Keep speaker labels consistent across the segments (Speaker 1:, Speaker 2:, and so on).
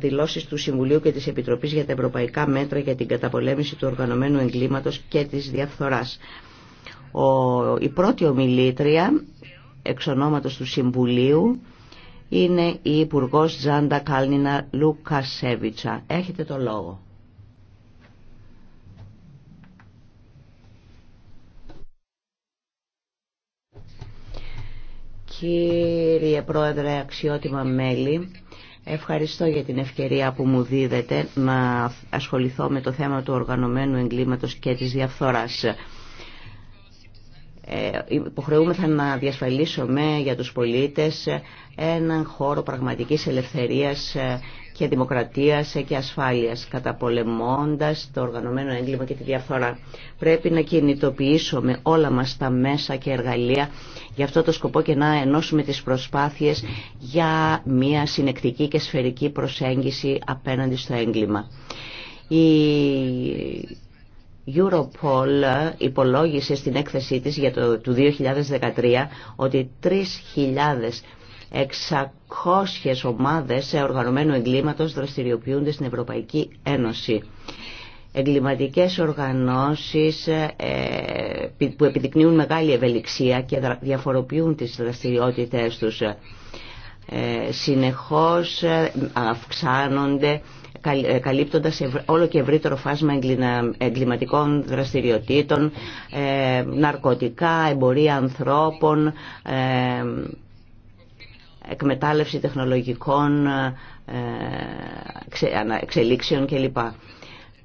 Speaker 1: δηλώσεις του Συμβουλίου και της Επιτροπής για τα Ευρωπαϊκά Μέτρα για την καταπολέμηση του οργανωμένου εγκλήματος και της διαφθοράς. Ο, η πρώτη ομιλήτρια εξ ονόματος του Συμβουλίου είναι η Υπουργό Τζάντα Κάλνινα Λουκασέβιτσα. Έχετε το λόγο. Κύριε Πρόεδρε, αξιότιμα μέλη, Ευχαριστώ για την ευκαιρία που μου δίδεται να ασχοληθώ με το θέμα του οργανωμένου εγκλήματος και της διαφθοράς. Ε, υποχρεούμεθα να διασφαλίσουμε για τους πολίτες έναν χώρο πραγματικής ελευθερίας και δημοκρατίας και ασφάλειας, καταπολεμώντας το οργανωμένο έγκλημα και τη διαφθορά. Πρέπει να κινητοποιήσουμε όλα μας τα μέσα και εργαλεία για αυτό το σκοπό και να ενώσουμε τις προσπάθειες για μια συνεκτική και σφαιρική προσέγγιση απέναντι στο έγκλημα. Η Europol υπολόγισε στην έκθεσή της για το, του 2013 ότι 3.000 600 ομάδες οργανωμένου εγκλήματος δραστηριοποιούνται στην Ευρωπαϊκή Ένωση. Εγκληματικές οργανώσεις ε, που επιδεικνύουν μεγάλη ευελιξία και διαφοροποιούν τις δραστηριότητες τους. Ε, συνεχώς ε, αυξάνονται καλύπτοντας όλο και ευρύτερο φάσμα εγκληματικών δραστηριοτήτων, ναρκωτικά, εμπορία ανθρώπων, εκμετάλλευση τεχνολογικών ε, εξελίξεων κλπ.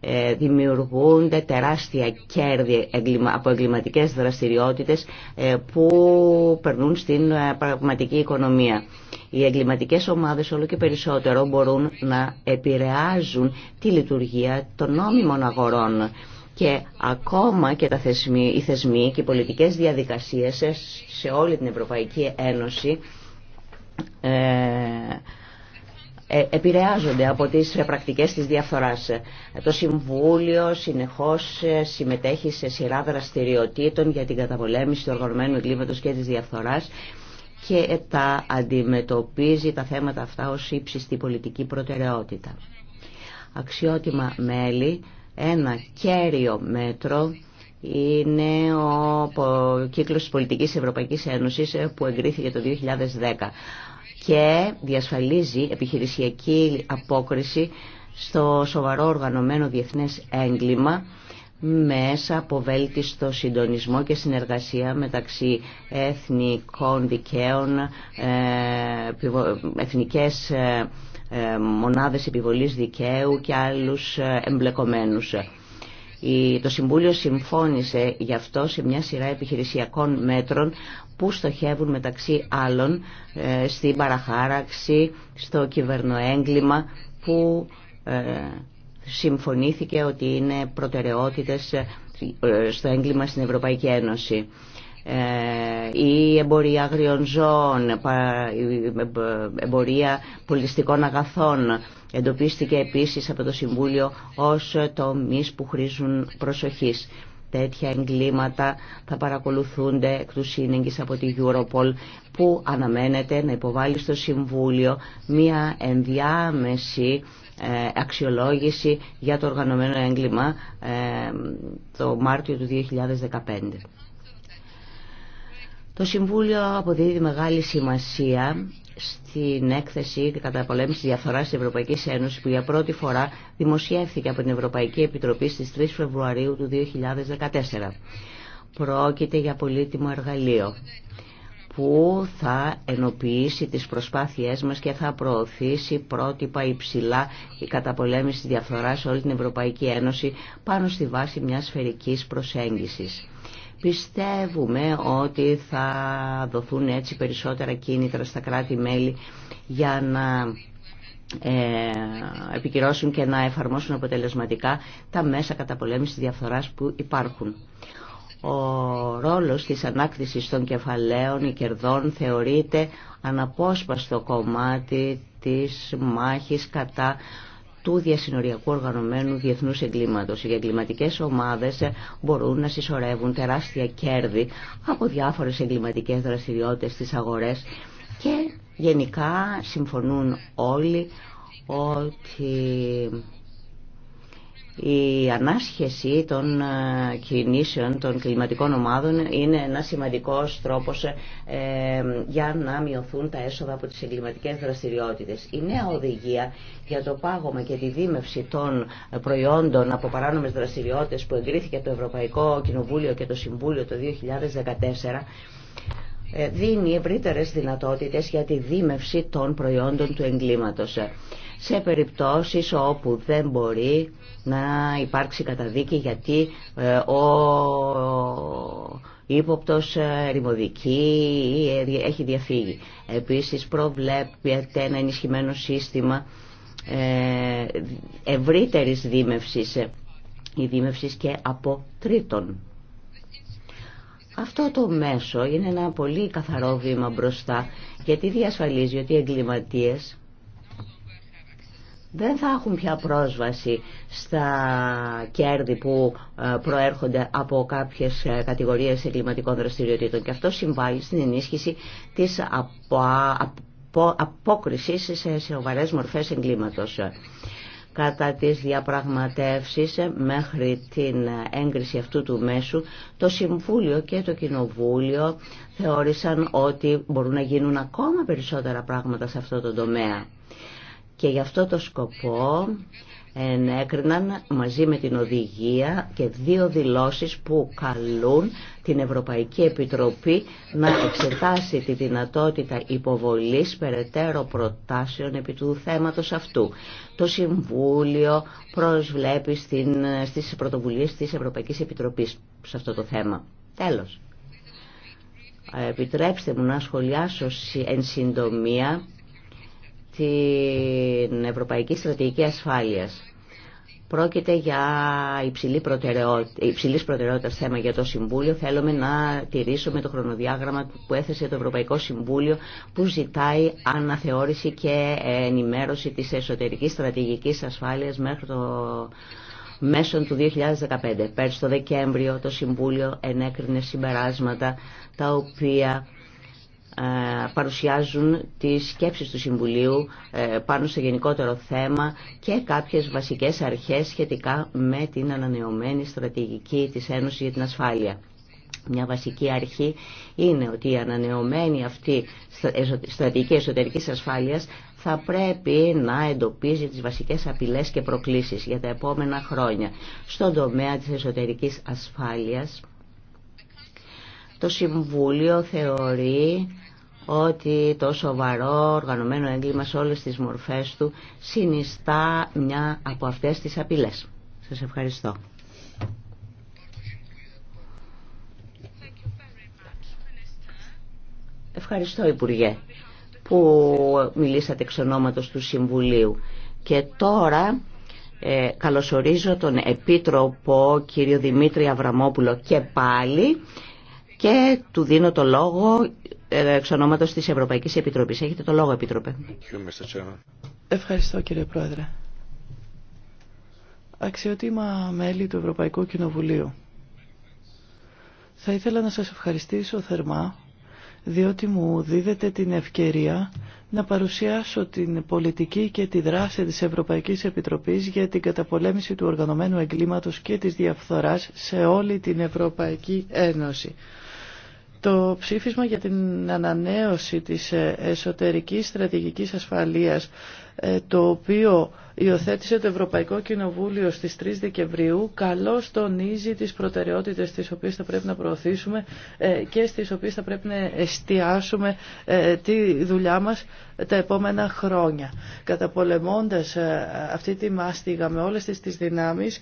Speaker 1: Ε, δημιουργούνται τεράστια κέρδη από εγκληματικές δραστηριότητες ε, που περνούν στην πραγματική οικονομία. Οι εγκληματικές ομάδες όλο και περισσότερο μπορούν να επηρεάζουν τη λειτουργία των νόμιμων αγορών και ακόμα και τα θεσμοί, οι θεσμοί και οι πολιτικές διαδικασίες σε όλη την Ευρωπαϊκή Ένωση ε, ε, επηρεάζονται από τις πρακτικές της διαφθοράς. Το Συμβούλιο συνεχώς ε, συμμετέχει σε σειρά δραστηριοτήτων για την καταπολέμηση του οργανωμένου εγκλήματος και της διαφθοράς και τα αντιμετωπίζει τα θέματα αυτά ως ύψιστη πολιτική προτεραιότητα. Αξιότιμα μέλη, ένα κέριο μέτρο είναι ο κύκλος της πολιτικής Ευρωπαϊκής Ένωσης που εγκρίθηκε το 2010 και διασφαλίζει επιχειρησιακή απόκριση στο σοβαρό οργανωμένο διεθνές έγκλημα μέσα από βέλτιστο συντονισμό και συνεργασία μεταξύ εθνικών δικαίων, ε, εθνικές ε, ε, μονάδες επιβολής δικαίου και άλλους εμπλεκομένους. Το Συμβούλιο συμφώνησε γι' αυτό σε μια σειρά επιχειρησιακών μέτρων που στοχεύουν μεταξύ άλλων ε, στην παραχάραξη, στο κυβερνοέγκλημα που ε, συμφωνήθηκε ότι είναι προτεραιότητες ε, στο έγκλημα στην Ευρωπαϊκή Ένωση. Η εμπορία αγριών ζώων, εμπορία πολιτιστικών αγαθών, Εντοπίστηκε επίσης από το Συμβούλιο ως τομείς που χρήζουν προσοχής. Τέτοια εγκλήματα θα παρακολουθούνται εκ του σύνεγγυς από τη Europol που αναμένεται να υποβάλει στο Συμβούλιο μία ενδιάμεση ε, αξιολόγηση για το οργανωμένο έγκλημα ε, το Μάρτιο του 2015. Το Συμβούλιο αποδίδει μεγάλη σημασία στην έκθεση καταπολέμησης διαφθοράς της Ευρωπαϊκής Ένωσης που για πρώτη φορά δημοσιεύθηκε από την Ευρωπαϊκή Επιτροπή στις 3 Φεβρουαρίου του 2014. Πρόκειται για πολύτιμο εργαλείο που θα ενοποιήσει τις προσπάθειές μας και θα προωθήσει πρότυπα υψηλά η καταπολέμηση διαφθοράς σε όλη την Ευρωπαϊκή Ένωση πάνω στη βάση μιας σφαιρικής προσέγγισης. Πιστεύουμε ότι θα δοθούν έτσι περισσότερα κίνητρα στα κράτη-μέλη για να ε, επικυρώσουν και να εφαρμόσουν αποτελεσματικά τα μέσα καταπολέμησης διαφθοράς που υπάρχουν. Ο ρόλος της ανάκτησης των κεφαλαίων ή κερδών θεωρείται αναπόσπαστο κομμάτι της μάχης κατά του διασυνοριακού οργανωμένου διεθνούς εγκλήματος. Οι εγκληματικές ομάδες μπορούν να συσσωρεύουν τεράστια κέρδη από διάφορες εγκληματικές δραστηριότητες στις αγορές και γενικά συμφωνούν όλοι ότι η ανάσχεση των ε, κινήσεων των κλιματικών ομάδων είναι ένα σημαντικός τρόπος ε, για να μειωθούν τα έσοδα από τις εγκληματικέ δραστηριότητε. Η νέα οδηγία για το πάγωμα και τη δίμευση των προϊόντων από παράνομε δραστηριότητε που εγκρίθηκε το Ευρωπαϊκό Κοινοβούλιο και το Συμβούλιο το 2014 ε, δίνει ευρύτερες δυνατότητες για τη δίμευση των προϊόντων του εγκλήματος σε περιπτώσεις όπου δεν μπορεί να υπάρξει καταδίκη γιατί ε, ο ύποπτος ε, ρημοδική ε, έχει διαφύγει. Επίσης προβλέπεται ένα ενισχυμένο σύστημα ευρύτερης δίμευσης η δίμευση και από τρίτον. Αυτό το μέσο είναι ένα πολύ καθαρό βήμα μπροστά γιατί διασφαλίζει ότι οι εγκληματίες δεν θα έχουν πια πρόσβαση στα κέρδη που ε, προέρχονται από κάποιες ε, κατηγορίες εγκληματικών δραστηριοτήτων και αυτό συμβάλλει στην ενίσχυση της απο, απόκρισης σε σοβαρές μορφές εγκλήματος. Κατά τις διαπραγματεύσεις ε, μέχρι την έγκριση αυτού του μέσου, το Συμβούλιο και το Κοινοβούλιο θεώρησαν ότι μπορούν να γίνουν ακόμα περισσότερα πράγματα σε αυτό το τομέα. Και γι' αυτό το σκοπό ενέκριναν μαζί με την οδηγία και δύο δηλώσεις που καλούν την Ευρωπαϊκή Επιτροπή να εξετάσει τη δυνατότητα υποβολής περαιτέρω προτάσεων επί του θέματος αυτού. Το Συμβούλιο προσβλέπει στην, στις πρωτοβουλίες της Ευρωπαϊκής Επιτροπής σε αυτό το θέμα. Τέλος. Ε, επιτρέψτε μου να σχολιάσω εν συντομία την Ευρωπαϊκή Στρατηγική Ασφάλειας. Πρόκειται για υψηλή προτεραιότητα, υψηλής θέμα για το Συμβούλιο. Θέλουμε να τηρήσουμε το χρονοδιάγραμμα που έθεσε το Ευρωπαϊκό Συμβούλιο που ζητάει αναθεώρηση και ενημέρωση της εσωτερικής στρατηγικής ασφάλειας μέχρι το μέσον του 2015. Πέρσι το Δεκέμβριο το Συμβούλιο ενέκρινε συμπεράσματα τα οποία ε, παρουσιάζουν τις σκέψεις του Συμβουλίου ε, πάνω στο γενικότερο θέμα και κάποιες βασικές αρχές σχετικά με την ανανεωμένη στρατηγική της Ένωσης για την ασφάλεια. Μια βασική αρχή είναι ότι η ανανεωμένη αυτή στρατηγική εσωτερικής ασφάλειας θα πρέπει να εντοπίζει τις βασικές απειλές και προκλήσεις για τα επόμενα χρόνια στον τομέα της εσωτερικής ασφάλειας. Το Συμβούλιο θεωρεί ότι το σοβαρό οργανωμένο έγκλημα σε όλες τις μορφές του συνιστά μια από αυτές τις απειλές. Σας ευχαριστώ. Ευχαριστώ Υπουργέ που μιλήσατε εξ ονόματος του Συμβουλίου. Και τώρα ε, καλωσορίζω τον Επίτροπο κύριο Δημήτρη Αβραμόπουλο και πάλι και του δίνω το λόγο ε, εξ ονόματος της Ευρωπαϊκής Επιτροπής. Έχετε το λόγο, Επίτροπε. Ευχαριστώ, κύριε Πρόεδρε. Αξιότιμα μέλη του Ευρωπαϊκού Κοινοβουλίου.
Speaker 2: Θα ήθελα να σας ευχαριστήσω θερμά, διότι μου δίδεται την ευκαιρία να παρουσιάσω την πολιτική και τη δράση της Ευρωπαϊκής Επιτροπής για την καταπολέμηση του οργανωμένου εγκλήματος και της διαφθοράς σε όλη την Ευρωπαϊκή Ένωση. Το ψήφισμα για την ανανέωση της ε, εσωτερικής στρατηγικής ασφαλείας, ε, το οποίο υιοθέτησε το Ευρωπαϊκό Κοινοβούλιο στις 3 Δεκεμβρίου καλώς τονίζει τις προτεραιότητες τις οποίες θα πρέπει να προωθήσουμε ε, και στις οποίες θα πρέπει να εστιάσουμε ε, τη δουλειά μας τα επόμενα χρόνια. Καταπολεμώντας ε, αυτή τη μάστιγα με όλες τις, δυνάμει, δυνάμεις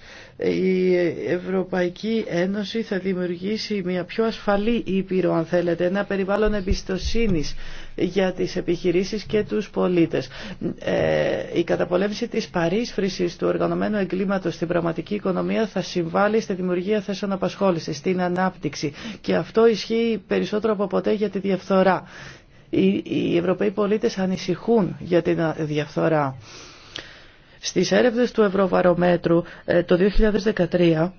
Speaker 2: η Ευρωπαϊκή Ένωση θα δημιουργήσει μια πιο ασφαλή ήπειρο αν θέλετε, ένα περιβάλλον εμπιστοσύνης για τις επιχειρήσεις και τους πολίτες. η καταπολέμηση της παρίσφρησης του οργανωμένου εγκλήματος στην πραγματική οικονομία θα συμβάλλει στη δημιουργία θέσεων απασχόλησης, στην ανάπτυξη. Και αυτό ισχύει περισσότερο από ποτέ για τη διαφθορά. Οι Ευρωπαίοι πολίτες ανησυχούν για τη ε, διαφθορά. Στις έρευνες του Ευρωβαρομέτρου ε, το 2013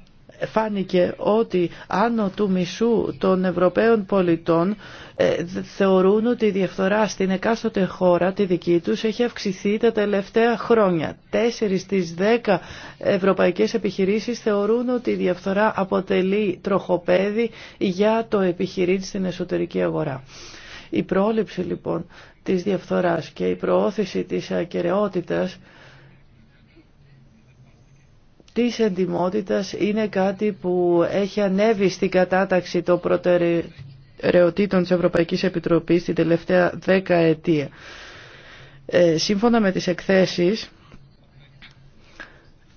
Speaker 2: φάνηκε ότι άνω του μισού των Ευρωπαίων πολιτών ε, θεωρούν ότι η διαφθορά στην εκάστοτε χώρα, τη δική τους, έχει αυξηθεί τα τελευταία χρόνια. Τέσσερις στις δέκα ευρωπαϊκές επιχειρήσεις θεωρούν ότι η διαφθορά αποτελεί τροχοπέδι για το επιχειρήν στην εσωτερική αγορά. Η πρόληψη λοιπόν της διαφθοράς και η προώθηση της ακαιρεότητας της εντιμότητας είναι κάτι που έχει ανέβει στην κατάταξη των προτεραιοτήτων της Ευρωπαϊκής Επιτροπής την τελευταία δέκα ετία. Ε, σύμφωνα με τις εκθέσεις,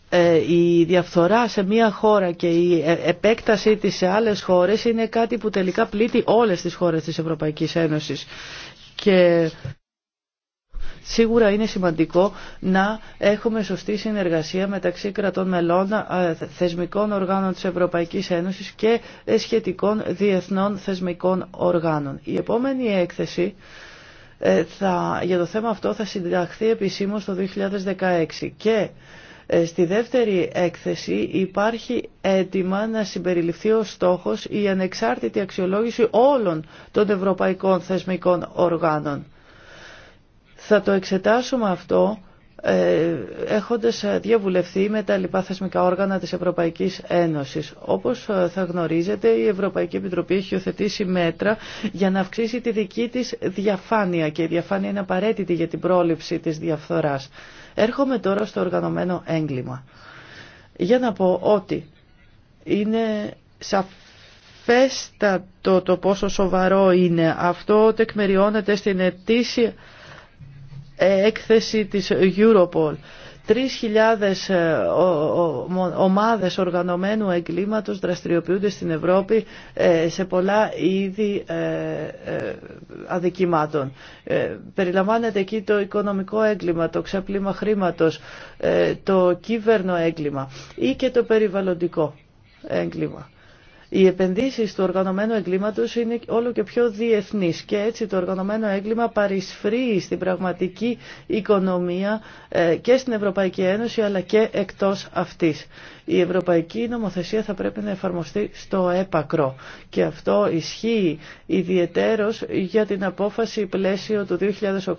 Speaker 2: ε, η διαφθορά σε μία χώρα και η ε, επέκτασή της σε άλλες χώρες είναι κάτι που τελικά πλήττει όλες τις χώρες της Ευρωπαϊκής Ένωσης. Και Σίγουρα είναι σημαντικό να έχουμε σωστή συνεργασία μεταξύ κρατών μελών, ε, θεσμικών οργάνων της Ευρωπαϊκής Ένωσης και ε, σχετικών διεθνών θεσμικών οργάνων. Η επόμενη έκθεση ε, θα, για το θέμα αυτό θα συνταχθεί επισήμως το 2016 και στη δεύτερη έκθεση υπάρχει έτοιμα να συμπεριληφθεί ο στόχος η ανεξάρτητη αξιολόγηση όλων των ευρωπαϊκών θεσμικών οργάνων. Θα το εξετάσουμε αυτό ε, έχοντας ε, διαβουλευθεί με τα λοιπά θεσμικά όργανα της Ευρωπαϊκής Ένωσης. Όπως ε, θα γνωρίζετε, η Ευρωπαϊκή Επιτροπή έχει οθετήσει μέτρα για να αυξήσει τη δική της διαφάνεια και η διαφάνεια είναι απαραίτητη για την πρόληψη της διαφθοράς. Έρχομαι τώρα στο οργανωμένο έγκλημα. Για να πω ότι είναι σαφέστατο το πόσο σοβαρό είναι. Αυτό τεκμεριώνεται στην ετήσια έκθεση της Europol. 3.000 ε, ομάδες οργανωμένου εγκλήματος δραστηριοποιούνται στην Ευρώπη ε, σε πολλά είδη ε, αδικημάτων. Περιλαμβάνεται εκεί το οικονομικό έγκλημα, το ξεπλήμα χρήματος, το κύβερνο έγκλημα ή και το περιβαλλοντικό έγκλημα. Οι επενδύσεις του οργανωμένου εγκλήματος είναι όλο και πιο διεθνείς και έτσι το οργανωμένο έγκλημα παρισφρεί στην πραγματική οικονομία ε, και στην Ευρωπαϊκή Ένωση αλλά και εκτός αυτής η ευρωπαϊκή νομοθεσία θα πρέπει να εφαρμοστεί στο έπακρο. Και αυτό ισχύει ιδιαιτέρως για την απόφαση πλαίσιο του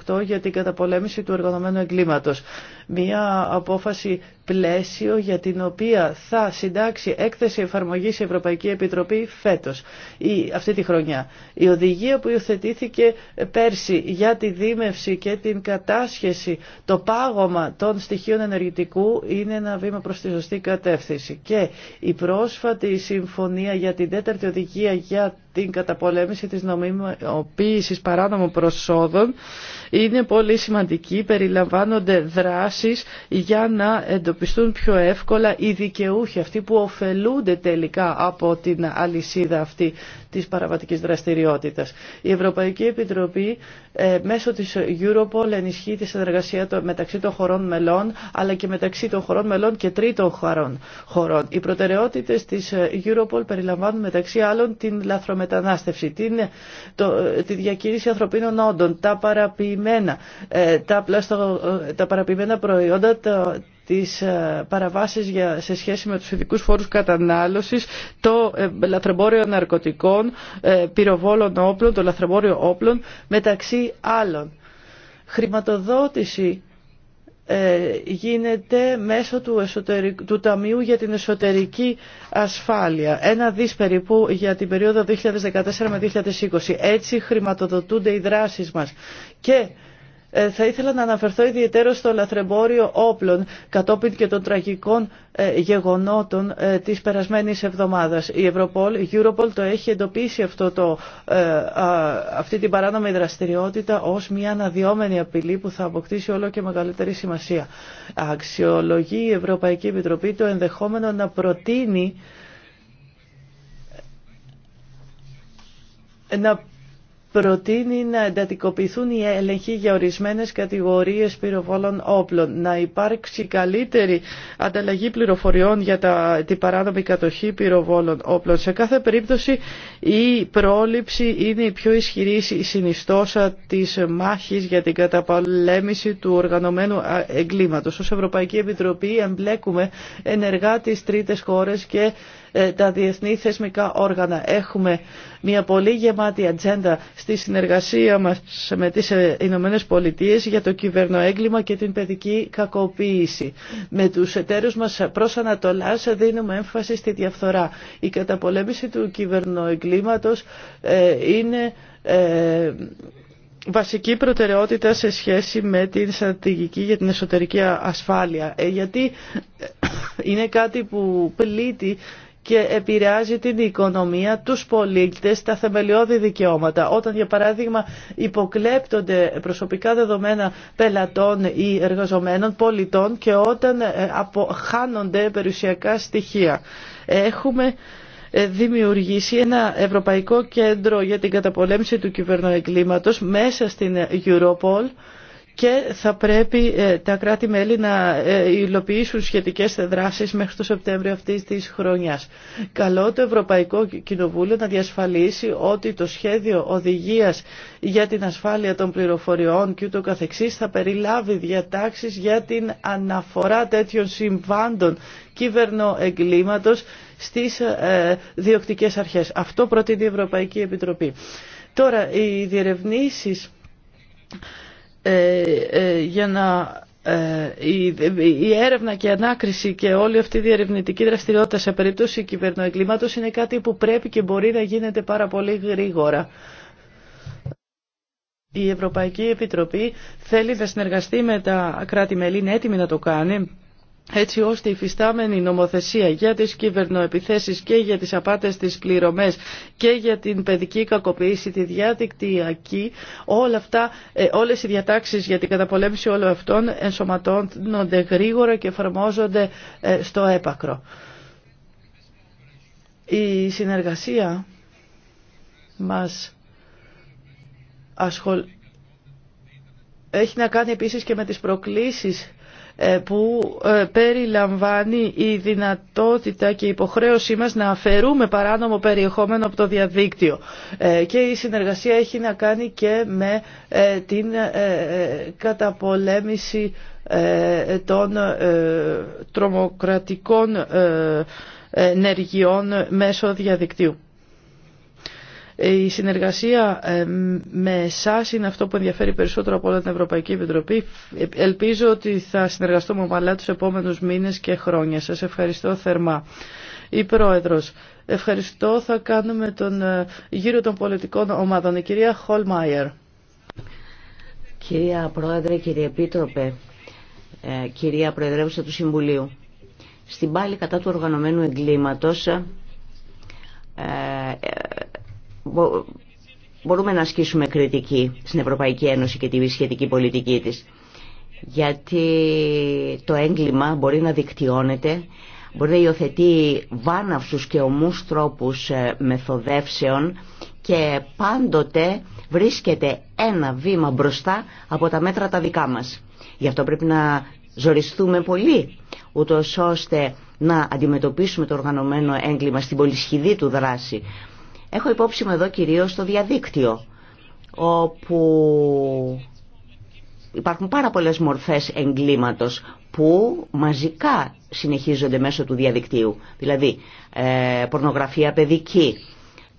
Speaker 2: 2008 για την καταπολέμηση του εργονομένου εγκλήματος. Μία απόφαση πλαίσιο για την οποία θα συντάξει έκθεση εφαρμογής η Ευρωπαϊκή Επιτροπή φέτος, ή αυτή τη χρονιά. Η οδηγία που υιοθετήθηκε πέρσι για τη δίμευση και την κατάσχεση, το πάγωμα των στοιχείων ενεργητικού είναι ένα βήμα προς τη σωστή κατεύθυνση. Και η πρόσφατη συμφωνία για την τέταρτη οδηγία για την καταπολέμηση της νομιμοποίησης παράνομων προσόδων είναι πολύ σημαντική. Περιλαμβάνονται δράσεις για να εντοπιστούν πιο εύκολα οι δικαιούχοι, αυτοί που ωφελούνται τελικά από την αλυσίδα αυτή της παραβατικής δραστηριότητας. Η Ευρωπαϊκή Επιτροπή ε, μέσω της Europol ενισχύει τη συνεργασία μεταξύ των χωρών μελών αλλά και μεταξύ των χωρών μελών και τρίτων χωρών. Οι προτεραιότητες της ε, Europol περιλαμβάνουν μεταξύ άλλων την λαθρομετρία μετανάστευση, την, το, τη διακήρυξη ανθρωπίνων όντων, τα παραποιημένα, ε, τα, πλαστο, ε, τα παραποιημένα προϊόντα, της τις ε, παραβάσεις για, σε σχέση με τους ειδικούς φόρους κατανάλωσης, το λαθρεμπόριο ναρκωτικών, πυροβόλων όπλων, το λαθρεμπόριο όπλων, μεταξύ άλλων. Χρηματοδότηση ε, γίνεται μέσω του, του Ταμείου για την Εσωτερική Ασφάλεια. Ένα δις περίπου για την περίοδο 2014 με 2020. Έτσι χρηματοδοτούνται οι δράσεις μας. Και ε, θα ήθελα να αναφερθώ ιδιαίτερα στο λαθρεμπόριο όπλων κατόπιν και των τραγικών ε, γεγονότων ε, της περασμένης εβδομάδας. Η Ευρωπόλ, η Europol το έχει εντοπίσει αυτό το, αυτή την παράνομη δραστηριότητα ως μια αναδυόμενη απειλή που θα αποκτήσει όλο και μεγαλύτερη σημασία. Αξιολογεί η Ευρωπαϊκή Επιτροπή το ενδεχόμενο να προτείνει να προτείνει να εντατικοποιηθούν οι έλεγχοι για ορισμένες κατηγορίες πυροβόλων όπλων, να υπάρξει καλύτερη ανταλλαγή πληροφοριών για τα, την παράνομη κατοχή πυροβόλων όπλων. Σε κάθε περίπτωση η πρόληψη είναι η πιο ισχυρή συνιστόσα της μάχης για την καταπολέμηση του οργανωμένου εγκλήματος. Ως Ευρωπαϊκή Επιτροπή εμπλέκουμε ενεργά τις τρίτες χώρες και ε, τα διεθνή θεσμικά όργανα. Έχουμε μια πολύ γεμάτη ατζέντα στη συνεργασία μας με τις ε, Ηνωμένες Πολιτείες για το κυβερνοέγκλημα και την παιδική κακοποίηση. Με τους εταίρους μας προς Ανατολάς δίνουμε έμφαση στη διαφθορά. Η καταπολέμηση του κυβερνοεγκλήματος ε, είναι βασική προτεραιότητα σε σχέση με την στρατηγική για την εσωτερική ασφάλεια. γιατί είναι κάτι που πλήττει και επηρεάζει την οικονομία, τους πολίτες, τα θεμελιώδη δικαιώματα. Όταν για παράδειγμα υποκλέπτονται προσωπικά δεδομένα πελατών ή εργαζομένων πολιτών και όταν ε, χάνονται περιουσιακά στοιχεία. Έχουμε ε, δημιουργήσει ένα Ευρωπαϊκό Κέντρο για την Καταπολέμηση του Κυβερνοεγκλήματος μέσα στην Europol και θα πρέπει ε, τα κράτη-μέλη να ε, υλοποιήσουν σχετικές δράσεις μέχρι το Σεπτέμβριο αυτής της χρονιάς. Καλό το Ευρωπαϊκό Κοινοβούλιο να διασφαλίσει ότι το σχέδιο οδηγίας για την ασφάλεια των πληροφοριών και ούτω καθεξής θα περιλάβει διατάξεις για την αναφορά τέτοιων συμβάντων κυβερνοεγκλήματος στις ε, διοκτικές αρχές. Αυτό προτείνει η Ευρωπαϊκή Επιτροπή. Τώρα, οι ε, ε, για να ε, η έρευνα και η ανάκριση και όλη αυτή η διερευνητική δραστηριότητα σε περίπτωση κυβερνοεγκλήματος είναι κάτι που πρέπει και μπορεί να γίνεται πάρα πολύ γρήγορα. Η Ευρωπαϊκή Επιτροπή θέλει να συνεργαστεί με τα κράτη-μέλη, είναι έτοιμη να το κάνει έτσι ώστε η φυστάμενη νομοθεσία για τις κυβερνοεπιθέσεις και για τις απάτες της πληρωμές και για την παιδική κακοποίηση, τη διαδικτυακή, όλα αυτά, ε, όλες οι διατάξεις για την καταπολέμηση όλων αυτών ενσωματώνονται γρήγορα και εφαρμόζονται ε, στο έπακρο. Η συνεργασία μας ασχολ... έχει να κάνει επίσης και με τις προκλήσεις ε, που ε, περιλαμβάνει η δυνατότητα και η υποχρέωσή μας να αφαιρούμε παράνομο περιεχόμενο από το διαδίκτυο. Ε, και η συνεργασία έχει να κάνει και με την καταπολέμηση των τρομοκρατικών ενεργειών μέσω διαδικτύου. Η συνεργασία ε, με εσά είναι αυτό που ενδιαφέρει περισσότερο από όλα την Ευρωπαϊκή Επιτροπή. Ελπίζω ότι θα συνεργαστούμε ομαλά τους επόμενους μήνες και χρόνια. Σα ευχαριστώ θερμά. Η πρόεδρο, ευχαριστώ. Θα κάνουμε τον ε, γύρο των πολιτικών ομάδων. Η κυρία Χολμάιερ.
Speaker 1: Κυρία Πρόεδρε, κύριε Επίτροπε, ε, κυρία Προεδρεύουσα του Συμβουλίου, στην πάλη κατά του οργανωμένου εγκλήματος μπορούμε να ασκήσουμε κριτική στην Ευρωπαϊκή Ένωση και τη σχετική πολιτική της. Γιατί το έγκλημα μπορεί να δικτυώνεται, μπορεί να υιοθετεί βάναυσους και ομούς τρόπους ε, μεθοδεύσεων και πάντοτε βρίσκεται ένα βήμα μπροστά από τα μέτρα τα δικά μας. Γι' αυτό πρέπει να ζοριστούμε πολύ, ούτως ώστε να αντιμετωπίσουμε το οργανωμένο έγκλημα στην πολυσχηδή του δράση. Έχω υπόψη μου εδώ κυρίως το διαδίκτυο, όπου υπάρχουν πάρα πολλές μορφές εγκλήματος που μαζικά συνεχίζονται μέσω του διαδικτύου. Δηλαδή, ε, πορνογραφία παιδική.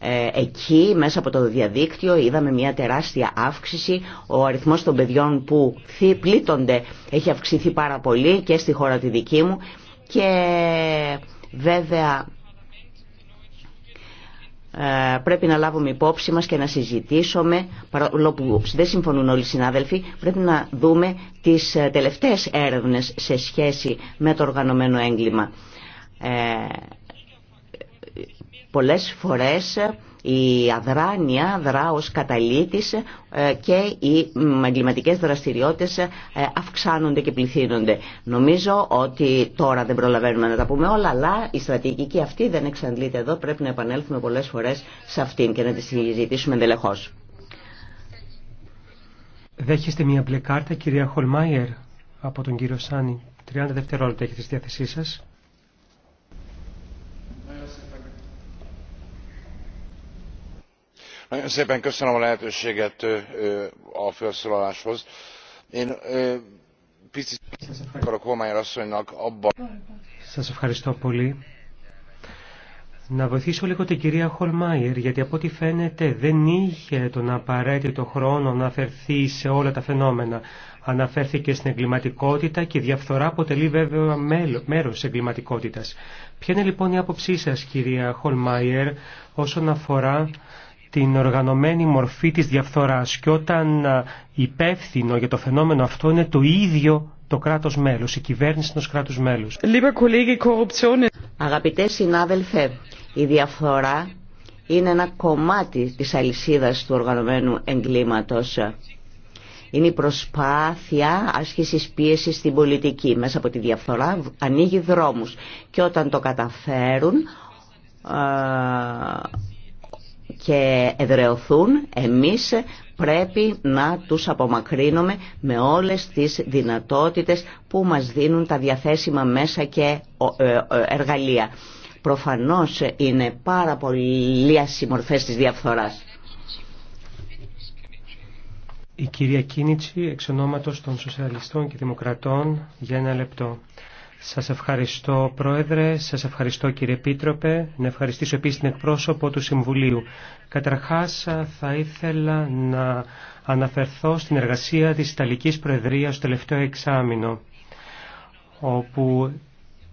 Speaker 1: Ε, εκεί, μέσα από το διαδίκτυο, είδαμε μια τεράστια αύξηση. Ο αριθμός των παιδιών που πλήττονται έχει αυξηθεί πάρα πολύ και στη χώρα τη δική μου. Και βέβαια ε, πρέπει να λάβουμε υπόψη μας και να συζητήσουμε, παρόλο που δεν συμφωνούν όλοι οι συνάδελφοι, πρέπει να δούμε τις ε, τελευταίες έρευνες σε σχέση με το οργανωμένο έγκλημα. Ε, πολλές φορές η αδράνεια δρά ως καταλήτης ε, και οι εγκληματικές δραστηριότητες ε, αυξάνονται και πληθύνονται. Νομίζω ότι τώρα δεν προλαβαίνουμε να τα πούμε όλα, αλλά η στρατηγική αυτή δεν εξαντλείται εδώ. Πρέπει να επανέλθουμε πολλές φορές σε αυτήν και να τη συζητήσουμε εντελεχώς.
Speaker 3: Δέχεστε μια μπλε κάρτα, κυρία Χολμάιερ, από τον κύριο Σάνι. 30 δευτερόλεπτα έχετε στη διάθεσή σας. nagyon Σας ευχαριστώ πολύ. Να βοηθήσω λίγο την κυρία Χολμάιερ, γιατί από ό,τι φαίνεται δεν είχε τον απαραίτητο χρόνο να αφαιρθεί σε όλα τα φαινόμενα. Αναφέρθηκε στην εγκληματικότητα και η διαφθορά αποτελεί βέβαια μέρος της εγκληματικότητα. Ποια είναι λοιπόν η άποψή σας, κυρία Χολμάιερ, όσον αφορά την οργανωμένη μορφή της διαφθοράς και όταν υπεύθυνο για το φαινόμενο αυτό είναι το ίδιο το κράτος μέλος, η κυβέρνηση ενός κράτους μέλους.
Speaker 1: Αγαπητέ συνάδελφε, η διαφθορά είναι ένα κομμάτι της αλυσίδας του οργανωμένου εγκλήματος. Είναι η προσπάθεια άσκηση πίεσης στην πολιτική. Μέσα από τη διαφθορά ανοίγει δρόμους. Και όταν το καταφέρουν και εδρεωθούν, εμείς πρέπει να τους απομακρύνουμε με όλες τις δυνατότητες που μας δίνουν τα διαθέσιμα μέσα και ε, ε, εργαλεία. Προφανώς είναι πάρα πολύ ασυμμορφές της διαφθοράς.
Speaker 3: Η κυρία Κίνιτσι, εξ των Σοσιαλιστών και Δημοκρατών, για ένα λεπτό. Σας ευχαριστώ Πρόεδρε, σας ευχαριστώ κύριε Επίτροπε, να ευχαριστήσω επίσης την εκπρόσωπο του Συμβουλίου. Καταρχάς θα ήθελα να αναφερθώ στην εργασία της Ιταλικής Προεδρίας στο τελευταίο εξάμεινο, όπου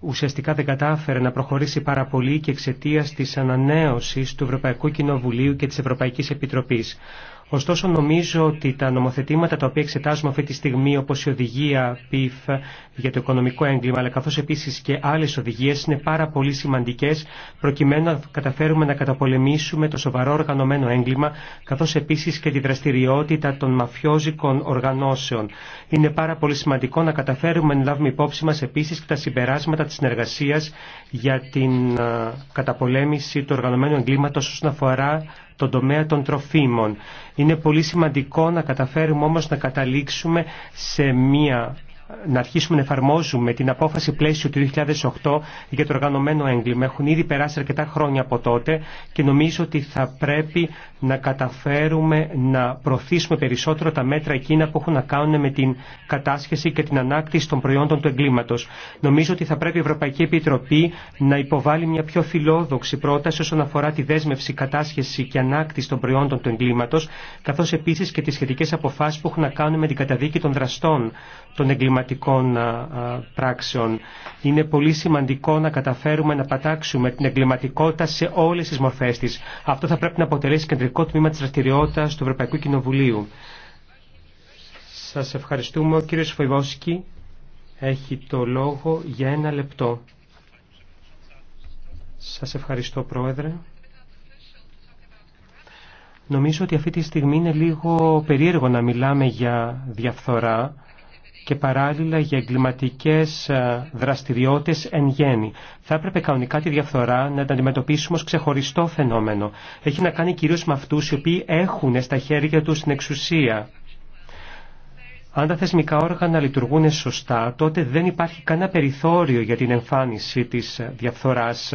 Speaker 3: ουσιαστικά δεν κατάφερε να προχωρήσει πάρα πολύ και εξαιτία της ανανέωσης του Ευρωπαϊκού Κοινοβουλίου και της Ευρωπαϊκής Επιτροπής. Ωστόσο νομίζω ότι τα νομοθετήματα τα οποία εξετάζουμε αυτή τη στιγμή όπως η οδηγία PIF για το οικονομικό έγκλημα αλλά καθώς επίσης και άλλες οδηγίες είναι πάρα πολύ σημαντικές προκειμένου να καταφέρουμε να καταπολεμήσουμε το σοβαρό οργανωμένο έγκλημα καθώς επίσης και τη δραστηριότητα των μαφιόζικων οργανώσεων. Είναι πάρα πολύ σημαντικό να καταφέρουμε να λάβουμε υπόψη μας επίσης και τα συμπεράσματα της συνεργασίας για την ε, καταπολέμηση του οργανωμένου εγκλήματος όσον αφορά τον τομέα των τροφίμων. Είναι πολύ σημαντικό να καταφέρουμε όμως να καταλήξουμε σε μία να αρχίσουμε να εφαρμόζουμε την απόφαση πλαίσιο του 2008 για το οργανωμένο έγκλημα. Έχουν ήδη περάσει αρκετά χρόνια από τότε και νομίζω ότι θα πρέπει να καταφέρουμε να προωθήσουμε περισσότερο τα μέτρα εκείνα που έχουν να κάνουν με την κατάσχεση και την ανάκτηση των προϊόντων του εγκλήματος. Νομίζω ότι θα πρέπει η Ευρωπαϊκή Επιτροπή να υποβάλει μια πιο φιλόδοξη πρόταση όσον αφορά τη δέσμευση, κατάσχεση και ανάκτηση των προϊόντων του εγκλήματος, καθώς επίσης και τις σχετικές αποφάσεις που έχουν να κάνουν με την καταδίκη των δραστών των εγκληματικών πράξεων. Είναι πολύ σημαντικό να καταφέρουμε να πατάξουμε την εγκληματικότητα σε όλες τις μορφές της. Αυτό θα πρέπει να αποτελέσει κεντρικό τμήμα της δραστηριότητα του Ευρωπαϊκού Κοινοβουλίου. Σας ευχαριστούμε. Ο κύριος Φοϊβόσκι έχει το λόγο για ένα λεπτό. Σας ευχαριστώ, Πρόεδρε. Νομίζω ότι αυτή τη στιγμή είναι λίγο περίεργο να μιλάμε για διαφθορά και παράλληλα για εγκληματικές ε, δραστηριότητες εν γέννη. Θα έπρεπε κανονικά τη διαφθορά να την αντιμετωπίσουμε ως ξεχωριστό φαινόμενο. Έχει να κάνει κυρίως με αυτούς οι οποίοι έχουν στα χέρια τους την εξουσία. Αν τα θεσμικά όργανα λειτουργούν σωστά, τότε δεν υπάρχει κανένα περιθώριο για την εμφάνιση της διαφθοράς.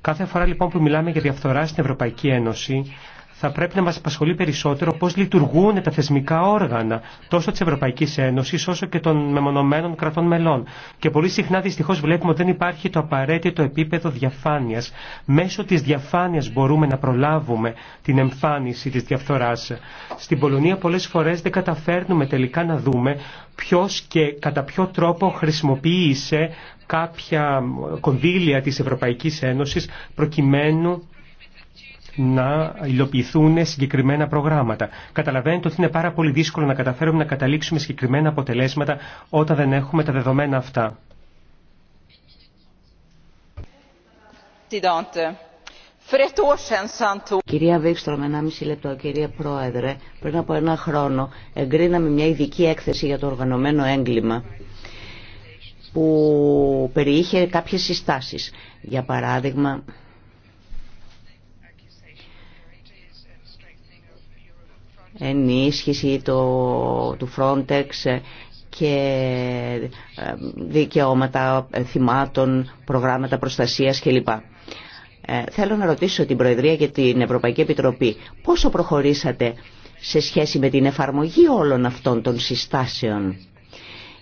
Speaker 3: Κάθε φορά λοιπόν που μιλάμε για διαφθορά στην Ευρωπαϊκή Ένωση, θα πρέπει να μας απασχολεί περισσότερο πώς λειτουργούν τα θεσμικά όργανα τόσο της Ευρωπαϊκής Ένωσης όσο και των μεμονωμένων κρατών μελών. Και πολύ συχνά δυστυχώς βλέπουμε ότι δεν υπάρχει το απαραίτητο επίπεδο διαφάνειας. Μέσω της διαφάνειας μπορούμε να προλάβουμε την εμφάνιση της διαφθοράς. Στην Πολωνία πολλές φορές δεν καταφέρνουμε τελικά να δούμε ποιος και κατά ποιο τρόπο χρησιμοποίησε κάποια κονδύλια της Ευρωπαϊκής Ένωσης προκειμένου να υλοποιηθούν συγκεκριμένα προγράμματα. Καταλαβαίνετε ότι είναι πάρα πολύ δύσκολο να καταφέρουμε να καταλήξουμε συγκεκριμένα αποτελέσματα όταν δεν έχουμε τα δεδομένα αυτά.
Speaker 1: Κυρία ένα μισή λεπτό. Κυρία Πρόεδρε, πριν από ένα χρόνο εγκρίναμε μια ειδική έκθεση για το οργανωμένο έγκλημα που περιείχε κάποιες συστάσεις. Για παράδειγμα, ενίσχυση το, του Frontex και ε, δικαιώματα θυμάτων, προγράμματα προστασίας κλπ. Ε, θέλω να ρωτήσω την Προεδρία και την Ευρωπαϊκή Επιτροπή πόσο προχωρήσατε σε σχέση με την εφαρμογή όλων αυτών των συστάσεων.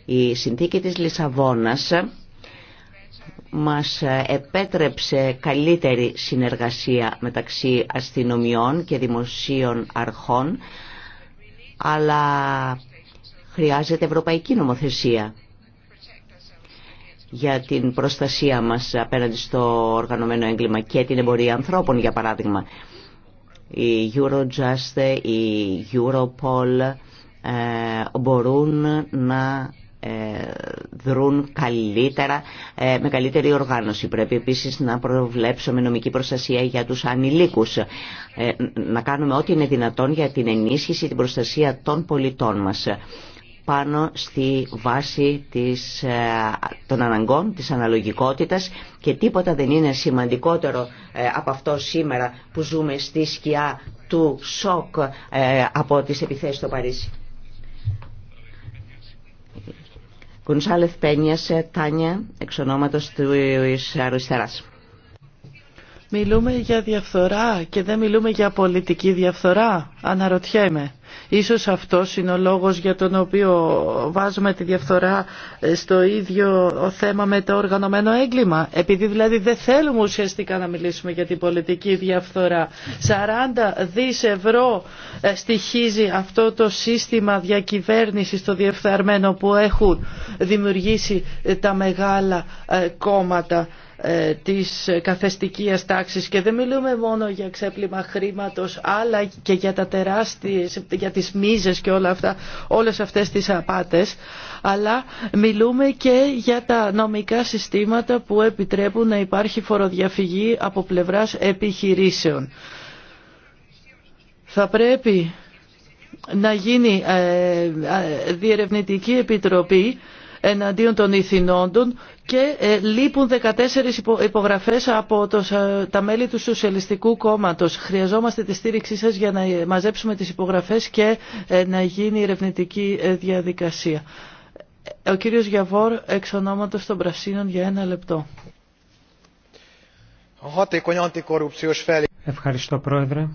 Speaker 1: Η συνθήκη της Λισαβόνας μας επέτρεψε καλύτερη συνεργασία μεταξύ αστυνομιών και δημοσίων αρχών, αλλά χρειάζεται ευρωπαϊκή νομοθεσία για την προστασία μας απέναντι στο οργανωμένο έγκλημα και την εμπορία ανθρώπων, για παράδειγμα. Η Eurojust, η Europol ε, μπορούν να ε, δρούν καλύτερα, ε, με καλύτερη οργάνωση. Πρέπει επίσης να προβλέψουμε νομική προστασία για τους ανηλίκους. Ε, να κάνουμε ό,τι είναι δυνατόν για την ενίσχυση, την προστασία των πολιτών μας πάνω στη βάση της, των αναγκών, της αναλογικότητας και τίποτα δεν είναι σημαντικότερο από αυτό σήμερα που ζούμε στη σκιά του σοκ από τις επιθέσεις στο Παρίσι. Κουνσάλεφ Πένιασε, Τάνια, εξ ονόματος του Αριστεράς. Μιλούμε
Speaker 2: για διαφθορά και δεν μιλούμε για πολιτική διαφθορά. Αναρωτιέμαι. Ίσως αυτός είναι ο λόγος για τον οποίο βάζουμε τη διαφθορά ε, στο ίδιο θέμα με το οργανωμένο έγκλημα. Επειδή δηλαδή δεν θέλουμε ουσιαστικά να μιλήσουμε για την πολιτική διαφθορά. 40 δις ευρώ ε, στοιχίζει αυτό το σύστημα διακυβέρνησης το διεφθαρμένο που έχουν δημιουργήσει ε, τα μεγάλα κόμματα ε, της καθεστικίας τάξης και δεν μιλούμε μόνο για ξέπλυμα χρήματος αλλά και για τα τεράστιες, για τις μίζες και όλα αυτά, όλες αυτές τις απάτες αλλά μιλούμε και για τα νομικά συστήματα που επιτρέπουν να υπάρχει φοροδιαφυγή από πλευράς επιχειρήσεων. Θα πρέπει να γίνει ε, ε, διερευνητική επιτροπή εναντίον των ηθινόντων και ε, λείπουν 14 υπογραφές από τα μέλη του Σοσιαλιστικού Κόμματος. Χρειαζόμαστε τη στήριξή σας για να μαζέψουμε τις υπογραφές και ε, να γίνει η ερευνητική ε, διαδικασία. Ο κύριος Γιαβόρ, εξ ονόματος των Πρασίνων, για ένα λεπτό.
Speaker 3: Ευχαριστώ, Πρόεδρε.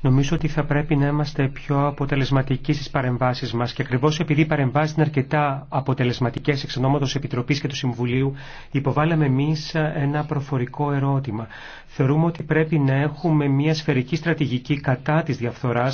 Speaker 3: Νομίζω ότι θα πρέπει να είμαστε πιο αποτελεσματικοί στι παρεμβάσει μα και ακριβώ επειδή οι παρεμβάσει είναι αρκετά αποτελεσματικέ εξ ονόματο Επιτροπή και του Συμβουλίου, υποβάλαμε εμεί ένα προφορικό ερώτημα. Θεωρούμε ότι πρέπει να έχουμε μια σφαιρική στρατηγική κατά τη διαφθορά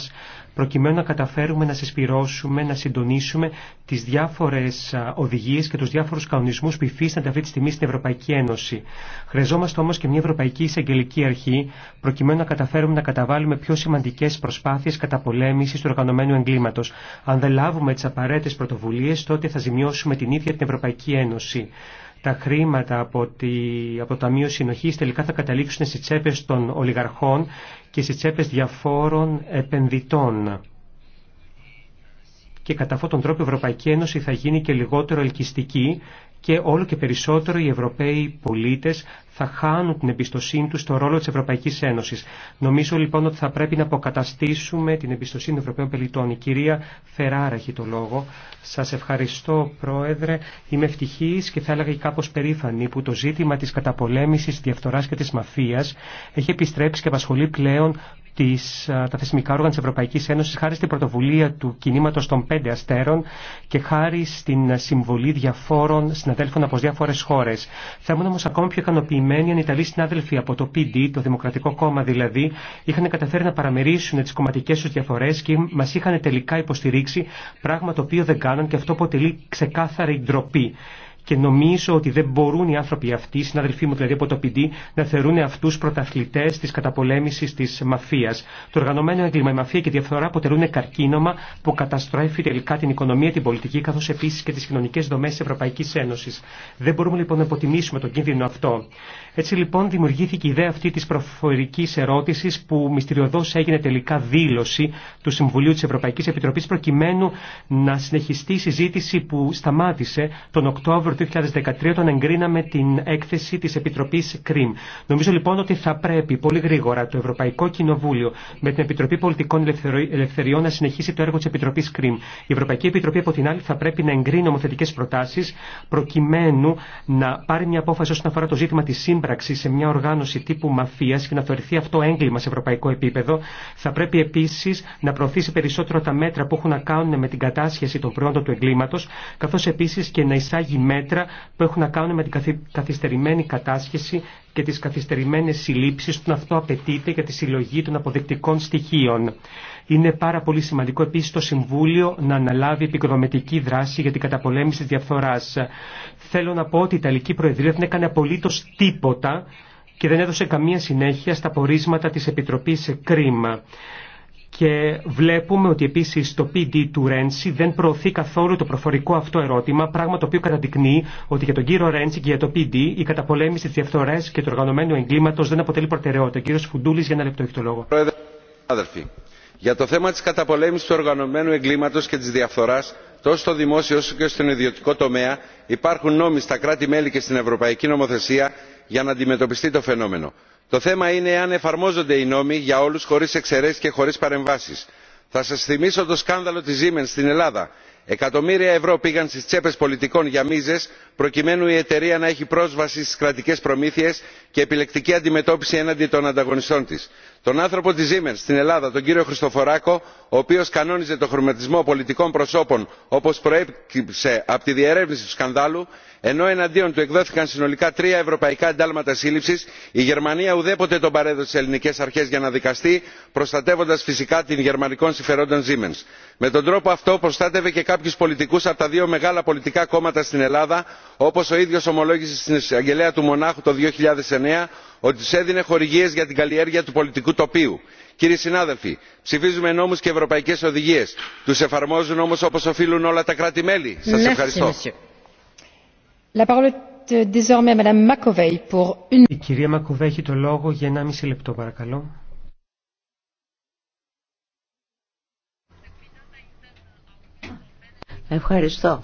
Speaker 3: προκειμένου να καταφέρουμε να συσπυρώσουμε, να συντονίσουμε τις διάφορες οδηγίες και τους διάφορους κανονισμούς που υφίστανται αυτή τη στιγμή στην Ευρωπαϊκή Ένωση. Χρειαζόμαστε όμως και μια Ευρωπαϊκή Εισαγγελική Αρχή, προκειμένου να καταφέρουμε να καταβάλουμε πιο σημαντικές προσπάθειες πολέμησης του οργανωμένου εγκλήματος. Αν δεν λάβουμε τις απαραίτητες πρωτοβουλίες, τότε θα ζημιώσουμε την ίδια την Ευρωπαϊκή Ένωση τα χρήματα από, τη, από το Ταμείο Συνοχής τελικά θα καταλήξουν στι τσέπε των ολιγαρχών και στις τσέπες διαφόρων επενδυτών. Και κατά αυτόν τον τρόπο η Ευρωπαϊκή Ένωση θα γίνει και λιγότερο ελκυστική και όλο και περισσότερο οι Ευρωπαίοι πολίτες θα χάνουν την εμπιστοσύνη τους στο ρόλο της Ευρωπαϊκής Ένωσης. Νομίζω λοιπόν ότι θα πρέπει να αποκαταστήσουμε την εμπιστοσύνη των Ευρωπαίων πολιτών. Η κυρία Φεράρα έχει το λόγο. Σας ευχαριστώ Πρόεδρε. Είμαι ευτυχής και θα έλεγα κάπως περήφανη που το ζήτημα της καταπολέμησης, διαφθοράς και της μαφίας έχει επιστρέψει και απασχολεί πλέον της, τα θεσμικά όργανα της Ευρωπαϊκής Ένωσης χάρη στην πρωτοβουλία του κινήματος των πέντε αστέρων και χάρη στην συμβολή διαφόρων συναδέλφων από διάφορες χώρες. Θα ήμουν όμως ακόμα πιο ικανοποιημένοι αν οι Ιταλοί συνάδελφοι από το PD, το Δημοκρατικό Κόμμα δηλαδή, είχαν καταφέρει να παραμερίσουν τις κομματικές τους διαφορές και μας είχαν τελικά υποστηρίξει, πράγμα το οποίο δεν κάναν και αυτό αποτελεί ξεκάθαρη ντροπή και νομίζω ότι δεν μπορούν οι άνθρωποι αυτοί, οι συναδελφοί μου δηλαδή από το PD, να θεωρούν αυτού πρωταθλητέ τη καταπολέμηση τη μαφία. Το οργανωμένο έγκλημα, η μαφία και η διαφθορά αποτελούν καρκίνωμα που καταστρέφει τελικά την οικονομία, την πολιτική, καθώ επίση και τι κοινωνικέ δομέ τη Ευρωπαϊκή Ένωση. Δεν μπορούμε λοιπόν να υποτιμήσουμε τον κίνδυνο αυτό. Έτσι λοιπόν δημιουργήθηκε η ιδέα αυτή τη προφορική ερώτηση που μυστηριωδώ έγινε τελικά δήλωση του Συμβουλίου τη Ευρωπαϊκή Επιτροπή προκειμένου να συνεχιστεί η συζήτηση που σταμάτησε τον Οκτώβριο το 2013 όταν εγκρίναμε την έκθεση της Επιτροπής ΚΡΙΜ. Νομίζω λοιπόν ότι θα πρέπει πολύ γρήγορα το Ευρωπαϊκό Κοινοβούλιο με την Επιτροπή Πολιτικών Ελευθεριών να συνεχίσει το έργο της Επιτροπής ΚΡΙΜ. Η Ευρωπαϊκή Επιτροπή από την άλλη θα πρέπει να εγκρίνει νομοθετικές προτάσεις προκειμένου να πάρει μια απόφαση όσον αφορά το ζήτημα της σύμπραξης σε μια οργάνωση τύπου μαφίας και να θεωρηθεί αυτό έγκλημα σε ευρωπαϊκό επίπεδο. Θα πρέπει επίσης να προωθήσει περισσότερο τα μέτρα που έχουν να κάνουν με την κατάσχεση των προϊόντων του εγκλήματος καθώς επίσης και να εισάγει μέτρα μέτρα που έχουν να κάνουν με την καθυστερημένη κατάσχεση και τις καθυστερημένες συλλήψεις που αυτό απαιτείται για τη συλλογή των αποδεκτικών στοιχείων. Είναι πάρα πολύ σημαντικό επίσης το Συμβούλιο να αναλάβει επικοδομητική δράση για την καταπολέμηση της διαφθοράς. Θέλω να πω ότι η Ιταλική Προεδρία δεν έκανε απολύτω τίποτα και δεν έδωσε καμία συνέχεια στα πορίσματα της Επιτροπής Κρίμα. Και βλέπουμε ότι επίση το PD του Ρέντσι δεν προωθεί καθόλου το προφορικό αυτό ερώτημα, πράγμα το οποίο καταδεικνύει ότι για τον κύριο Ρέντσι και για το PD η καταπολέμηση τη διαφθορά και του οργανωμένου εγκλήματο δεν αποτελεί προτεραιότητα. Κύριο Φουντούλη, για ένα λεπτό έχει το λόγο.
Speaker 4: Πρόεδρε, αδελφοί, για το θέμα τη καταπολέμηση του οργανωμένου εγκλήματο και τη διαφθορά, τόσο στο δημόσιο όσο και στον ιδιωτικό τομέα, υπάρχουν νόμοι στα κράτη-μέλη και στην ευρωπαϊκή νομοθεσία για να αντιμετωπιστεί το φαινόμενο το θέμα είναι εάν εφαρμόζονται οι νόμοι για όλους χωρίς εξαιρέσεις και χωρίς παρεμβάσεις. θα σας θυμίσω το σκάνδαλο της siemens στην ελλάδα εκατομμύρια ευρώ πήγαν στις τσέπες πολιτικών για μίζες προκειμένου η εταιρεία να έχει πρόσβαση στις κρατικές προμήθειες και επιλεκτική αντιμετώπιση εναντί των ανταγωνιστών της τον άνθρωπο της siemens στην ελλάδα τον κύριο χριστοφοράκο ο οποίος κανόνιζε τον χρηματισμό πολιτικών προσώπων όπως προέκυψε από τη διερεύνηση του σκανδάλου ενώ εναντίον του εκδόθηκαν συνολικά τρία ευρωπαϊκά εντάλματα σύλληψης η γερμανία ουδέποτε τον παρέδωσε στις ελληνικές αρχές για να δικαστεί προστατεύοντας φυσικά την γερμανικών συμφερόντων siemens. με τον τρόπο αυτό προστάτευε και κάποιους πολιτικούς από τα δύο μεγάλα πολιτικά κόμματα στην ελλάδα όπως ο ίδιος ομολόγησε στην εισαγγελέα του μονάχου το 2009 ότι του έδινε χορηγίε για την καλλιέργεια του πολιτικού τοπίου. κύριοι συνάδελφοι ψηφίζουμε νόμους και ευρωπαϊκές οδηγίες τους εφαρμόζουν όμως όπως οφείλουν όλα τα κράτη μέλη. σας ευχαριστώ.
Speaker 3: Euh, Η κυρία Μακοβέ έχει το λόγο για 1,5 λεπτό παρακαλώ.
Speaker 1: Ευχαριστώ.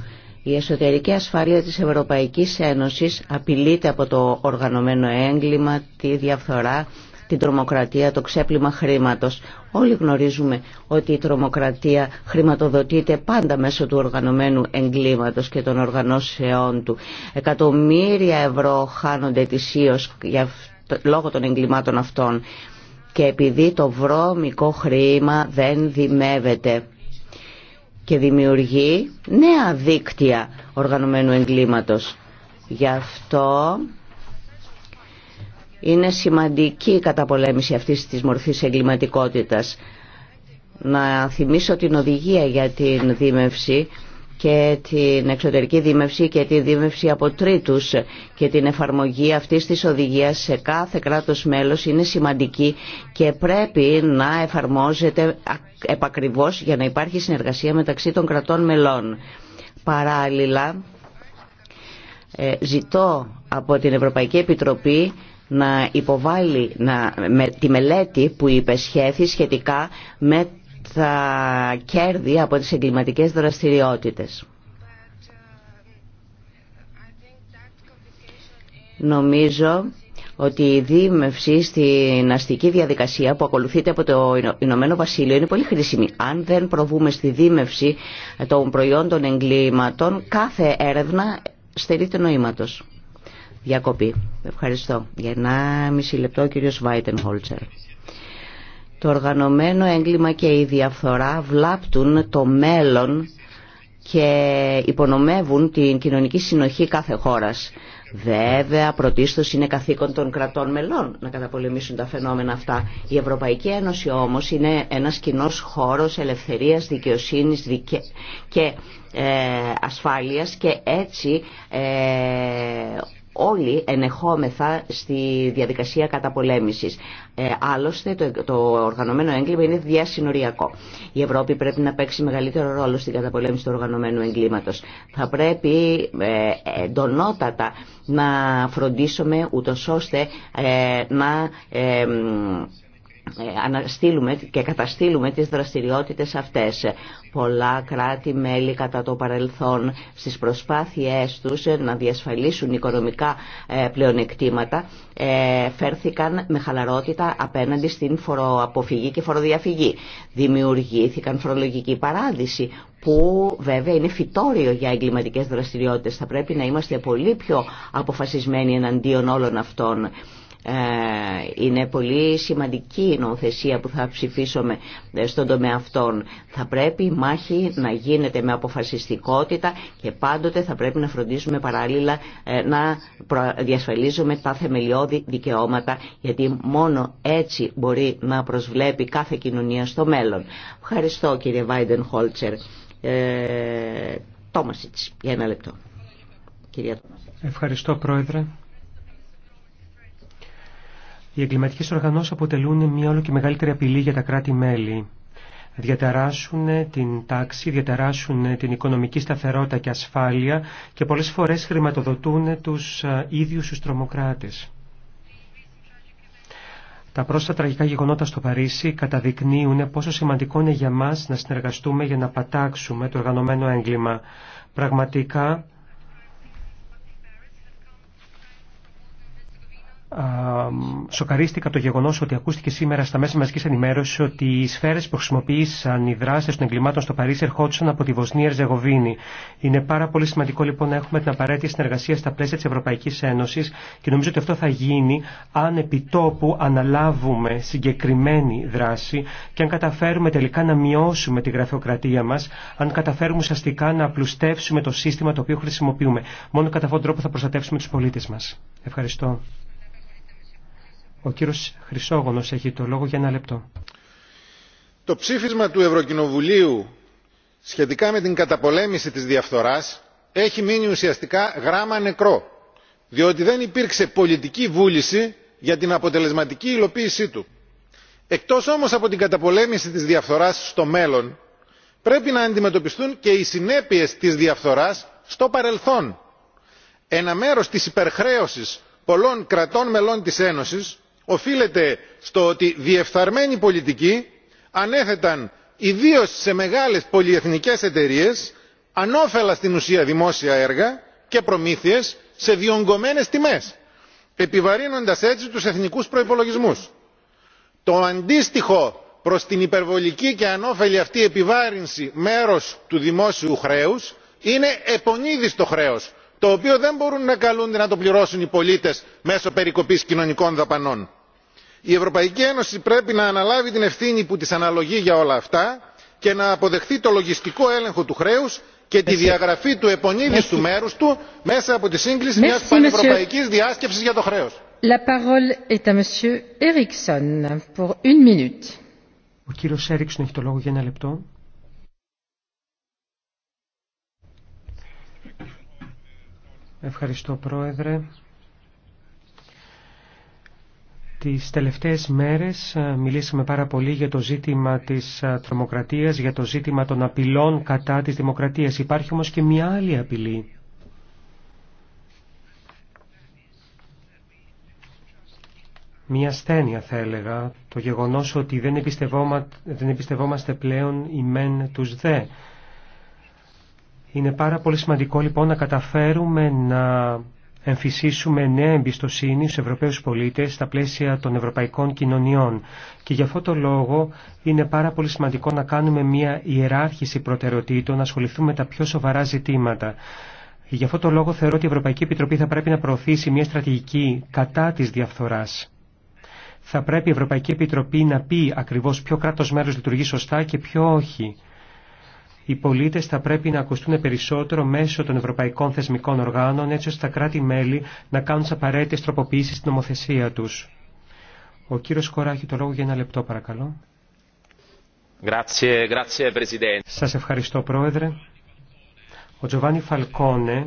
Speaker 1: Η εσωτερική ασφάλεια της Ευρωπαϊκής Ένωσης απειλείται από το οργανωμένο έγκλημα, τη διαφθορά, την τρομοκρατία, το ξέπλυμα χρήματος. Όλοι γνωρίζουμε ότι η τρομοκρατία χρηματοδοτείται πάντα μέσω του οργανωμένου εγκλήματος και των οργανώσεών του. Εκατομμύρια ευρώ χάνονται ετησίως λόγω των εγκλημάτων αυτών και επειδή το βρώμικο χρήμα δεν δημεύεται και δημιουργεί νέα δίκτυα οργανωμένου εγκλήματος. Γι' αυτό είναι σημαντική η καταπολέμηση αυτής της μορφής εγκληματικότητας. Να θυμίσω την οδηγία για την δίμευση και την εξωτερική δίμευση και τη δίμευση από τρίτους και την εφαρμογή αυτής της οδηγίας σε κάθε κράτος μέλος είναι σημαντική και πρέπει να εφαρμόζεται επακριβώς για να υπάρχει συνεργασία μεταξύ των κρατών μελών. Παράλληλα, ε, ζητώ από την Ευρωπαϊκή Επιτροπή να υποβάλει να, με, τη μελέτη που υπεσχέθη σχετικά με τα κέρδη από τις εγκληματικές δραστηριότητες. Νομίζω ότι η δίμευση στην αστική διαδικασία που ακολουθείται από το Ηνωμένο Βασίλειο είναι πολύ χρήσιμη. Αν δεν προβούμε στη δίμευση των προϊόντων εγκλήματων, κάθε έρευνα στερείται νοήματος. Διακοπή. Ευχαριστώ. Για 1,5 λεπτό ο κύριος Χόλτσερ. Το οργανωμένο έγκλημα και η διαφθορά βλάπτουν το μέλλον και υπονομεύουν την κοινωνική συνοχή κάθε χώρας. Βέβαια, πρωτίστως είναι καθήκον των κρατών μελών να καταπολεμήσουν τα φαινόμενα αυτά. Η Ευρωπαϊκή Ένωση όμως είναι ένας κοινό χώρος ελευθερίας, δικαιοσύνης δικαι... και ε, ασφάλειας και έτσι ε, όλοι ενεχόμεθα στη διαδικασία καταπολέμησης. Ε, άλλωστε το, το οργανωμένο έγκλημα είναι διασυνοριακό. Η Ευρώπη πρέπει να παίξει μεγαλύτερο ρόλο στην καταπολέμηση του οργανωμένου εγκλήματος. Θα πρέπει ε, εντονότατα να φροντίσουμε ούτως ώστε ε, να... Ε, ε, αναστείλουμε και καταστήλουμε τις δραστηριότητες αυτές. Πολλά κράτη-μέλη κατά το παρελθόν στις προσπάθειές τους να διασφαλίσουν οικονομικά ε, πλεονεκτήματα ε, φέρθηκαν με χαλαρότητα απέναντι στην φοροαποφυγή και φοροδιαφυγή. Δημιουργήθηκαν φορολογική παράδειση που βέβαια είναι φυτόριο για εγκληματικές δραστηριότητες. Θα πρέπει να είμαστε πολύ πιο αποφασισμένοι εναντίον όλων αυτών. Ε, είναι πολύ σημαντική η νομοθεσία που θα ψηφίσουμε ε, στον τομέα αυτών. Θα πρέπει η μάχη να γίνεται με αποφασιστικότητα και πάντοτε θα πρέπει να φροντίζουμε παράλληλα ε, να διασφαλίζουμε τα θεμελιώδη δικαιώματα γιατί μόνο έτσι μπορεί να προσβλέπει κάθε κοινωνία στο μέλλον. Ευχαριστώ κύριε Βάιντεν Χόλτσερ. Τόμασιτς, για ένα λεπτό.
Speaker 3: Ευχαριστώ πρόεδρε. Οι εγκληματικέ οργανώσει αποτελούν μια όλο και μεγαλύτερη απειλή για τα κράτη-μέλη. Διαταράσσουν την τάξη, διαταράσσουν την οικονομική σταθερότητα και ασφάλεια και πολλέ φορέ χρηματοδοτούν του ίδιου του τρομοκράτε. Τα πρόσφατα τραγικά γεγονότα στο Παρίσι καταδεικνύουν πόσο σημαντικό είναι για μας να συνεργαστούμε για να πατάξουμε το οργανωμένο έγκλημα. Πραγματικά σοκαρίστηκα το γεγονό ότι ακούστηκε σήμερα στα μέσα μαζική ενημέρωση ότι οι σφαίρε που χρησιμοποίησαν οι δράστε των εγκλημάτων στο Παρίσι ερχόντουσαν από τη Βοσνία Ερζεγοβίνη. Είναι πάρα πολύ σημαντικό λοιπόν να έχουμε την απαραίτητη συνεργασία στα πλαίσια τη Ευρωπαϊκή Ένωση και νομίζω ότι αυτό θα γίνει αν επιτόπου αναλάβουμε συγκεκριμένη δράση και αν καταφέρουμε τελικά να μειώσουμε τη γραφειοκρατία μα, αν καταφέρουμε ουσιαστικά να απλουστεύσουμε το σύστημα το οποίο χρησιμοποιούμε. Μόνο κατά αυτόν τον τρόπο θα προστατεύσουμε του πολίτε μα. Ευχαριστώ. Ο κύριος Χρυσόγονος έχει το λόγο για ένα λεπτό.
Speaker 5: Το ψήφισμα του Ευρωκοινοβουλίου σχετικά με την καταπολέμηση της διαφθοράς έχει μείνει ουσιαστικά γράμμα νεκρό, διότι δεν υπήρξε πολιτική βούληση για την αποτελεσματική υλοποίησή του. Εκτός όμως από την καταπολέμηση της διαφθοράς στο μέλλον, πρέπει να αντιμετωπιστούν και οι συνέπειες της διαφθοράς στο παρελθόν. Ένα μέρος της υπερχρέωσης πολλών κρατών μελών της Ένωσης οφείλεται στο ότι διεφθαρμένοι πολιτική ανέθεταν ιδίως σε μεγάλες πολυεθνικές εταιρείες ανώφελα στην ουσία δημόσια έργα και προμήθειες σε διονγκωμένε τιμές επιβαρύνοντας έτσι τους εθνικούς προϋπολογισμούς. το αντίστοιχο προς την υπερβολική και ανώφελη αυτή επιβάρυνση μέρος του δημόσιου χρέους είναι επονίδιστο χρέος το οποίο δεν μπορούν να καλούνται να το πληρώσουν οι πολίτες μέσω περικοπής κοινωνικών δαπανών η ευρωπαϊκή ένωση πρέπει να αναλάβει την ευθύνη που της αναλογεί για όλα αυτά και να αποδεχθεί το λογιστικό έλεγχο του χρέους και τη διαγραφή του του μέρους του μέσα από τη σύγκληση μιας πανευρωπαϊκής διάσκεψης για το χρέος.
Speaker 3: Ο κύριος έχει το λόγο για ένα λεπτό. Ευχαριστώ πρόεδρε. Τις τελευταίες μέρες μιλήσαμε πάρα πολύ για το ζήτημα της τρομοκρατίας, για το ζήτημα των απειλών κατά της δημοκρατίας. Υπάρχει όμως και μια άλλη απειλή. Μια ασθένεια θα έλεγα, το γεγονός ότι δεν, δεν εμπιστευόμαστε πλέον οι μεν τους δε. Είναι πάρα πολύ σημαντικό λοιπόν να καταφέρουμε να εμφυσίσουμε νέα εμπιστοσύνη στους Ευρωπαίους πολίτες στα πλαίσια των ευρωπαϊκών κοινωνιών. Και για αυτό το λόγο είναι πάρα πολύ σημαντικό να κάνουμε μια ιεράρχηση προτεραιοτήτων, να ασχοληθούμε με τα πιο σοβαρά ζητήματα. Γι' αυτό το λόγο θεωρώ ότι η Ευρωπαϊκή Επιτροπή θα πρέπει να προωθήσει μια στρατηγική κατά της διαφθοράς. Θα πρέπει η Ευρωπαϊκή Επιτροπή να πει ακριβώς ποιο κράτος μέρος λειτουργεί σωστά και ποιο όχι οι πολίτες θα πρέπει να ακουστούν περισσότερο μέσω των ευρωπαϊκών θεσμικών οργάνων έτσι ώστε τα κράτη-μέλη να κάνουν τι απαραίτητε τροποποιήσει στην νομοθεσία τους. Ο κύριος έχει το λόγο για ένα λεπτό παρακαλώ. Σας ευχαριστώ Πρόεδρε. Ο Τζοβάνι Φαλκόνε,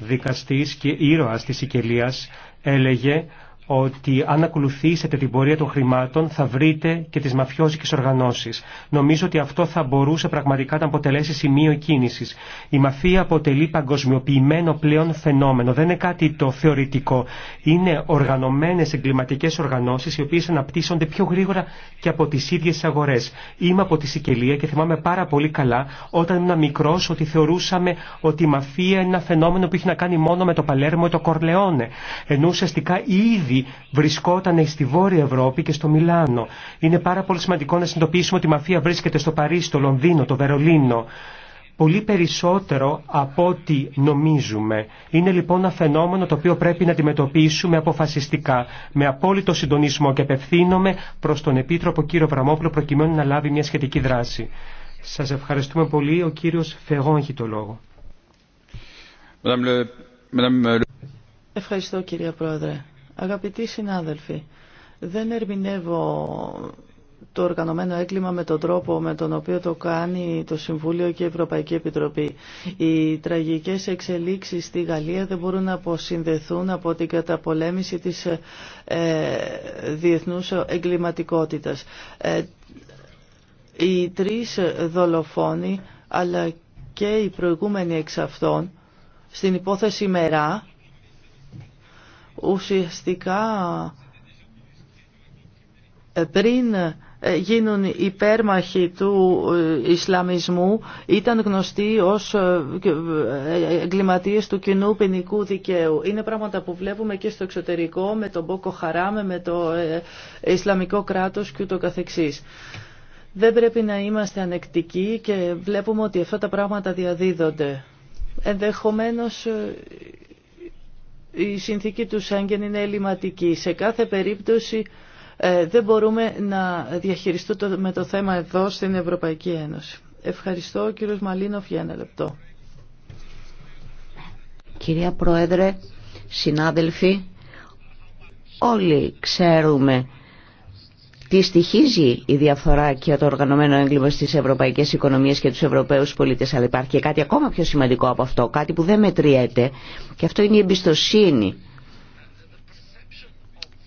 Speaker 3: δικαστής και ήρωας της Σικελίας, έλεγε ότι αν ακολουθήσετε την πορεία των χρημάτων θα βρείτε και τις μαφιόζικες οργανώσεις. Νομίζω ότι αυτό θα μπορούσε πραγματικά να αποτελέσει σημείο κίνησης. Η μαφία αποτελεί παγκοσμιοποιημένο πλέον φαινόμενο. Δεν είναι κάτι το θεωρητικό. Είναι οργανωμένες εγκληματικές οργανώσεις οι οποίες αναπτύσσονται πιο γρήγορα και από τις ίδιες αγορές. Είμαι από τη Σικελία και θυμάμαι πάρα πολύ καλά όταν ήμουν μικρό ότι θεωρούσαμε ότι η μαφία είναι ένα φαινόμενο που έχει να κάνει μόνο με το Παλέρμο ή το Κορλεόνε. Ενώ ουσιαστικά ήδη βρισκόταν στη Βόρεια Ευρώπη και στο Μιλάνο. Είναι πάρα πολύ σημαντικό να συνειδητοποιήσουμε ότι η μαφία βρίσκεται στο Παρίσι, στο Λονδίνο, το Βερολίνο πολύ περισσότερο από ό,τι νομίζουμε. Είναι λοιπόν ένα φαινόμενο το οποίο πρέπει να αντιμετωπίσουμε αποφασιστικά, με απόλυτο συντονισμό και απευθύνομαι προς τον Επίτροπο κύριο Βραμόπουλο προκειμένου να λάβει μια σχετική δράση. Σας ευχαριστούμε πολύ. Ο κύριος Φεγόν έχει το λόγο.
Speaker 2: Ευχαριστώ κύριε Πρόεδρε. Αγαπητοί συνάδελφοι, δεν ερμηνεύω το οργανωμένο έγκλημα με τον τρόπο με τον οποίο το κάνει το Συμβούλιο και η Ευρωπαϊκή Επιτροπή. Οι τραγικές εξελίξεις στη Γαλλία δεν μπορούν να αποσυνδεθούν από την καταπολέμηση της ε, διεθνούς εγκληματικότητας. Ε, οι τρεις δολοφόνοι αλλά και οι προηγούμενοι εξ αυτών στην υπόθεση Μερά ουσιαστικά ε, πριν ε, γίνουν υπέρμαχοι του ε, Ισλαμισμού ήταν γνωστοί ως εγκληματίες του κοινού ποινικού δικαίου. Είναι πράγματα που βλέπουμε και στο εξωτερικό με τον Μπόκο Χαράμε, με το Ισλαμικό κράτος και το καθεξής. Δεν πρέπει να είμαστε ανεκτικοί και βλέπουμε ότι αυτά τα πράγματα διαδίδονται. Ενδεχομένως η συνθήκη του Σέγγεν είναι ελληματική. Σε κάθε περίπτωση ε, δεν μπορούμε να διαχειριστούμε το θέμα εδώ στην Ευρωπαϊκή Ένωση. Ευχαριστώ κύριος Μαλίνοφ για ένα
Speaker 1: λεπτό. Κυρία Πρόεδρε, συνάδελφοι, όλοι ξέρουμε τι στοιχίζει η διαφορά και το οργανωμένο έγκλημα στις ευρωπαϊκές οικονομίες και τους ευρωπαίους πολίτες. Αλλά υπάρχει και κάτι ακόμα πιο σημαντικό από αυτό, κάτι που δεν μετριέται και αυτό είναι η εμπιστοσύνη.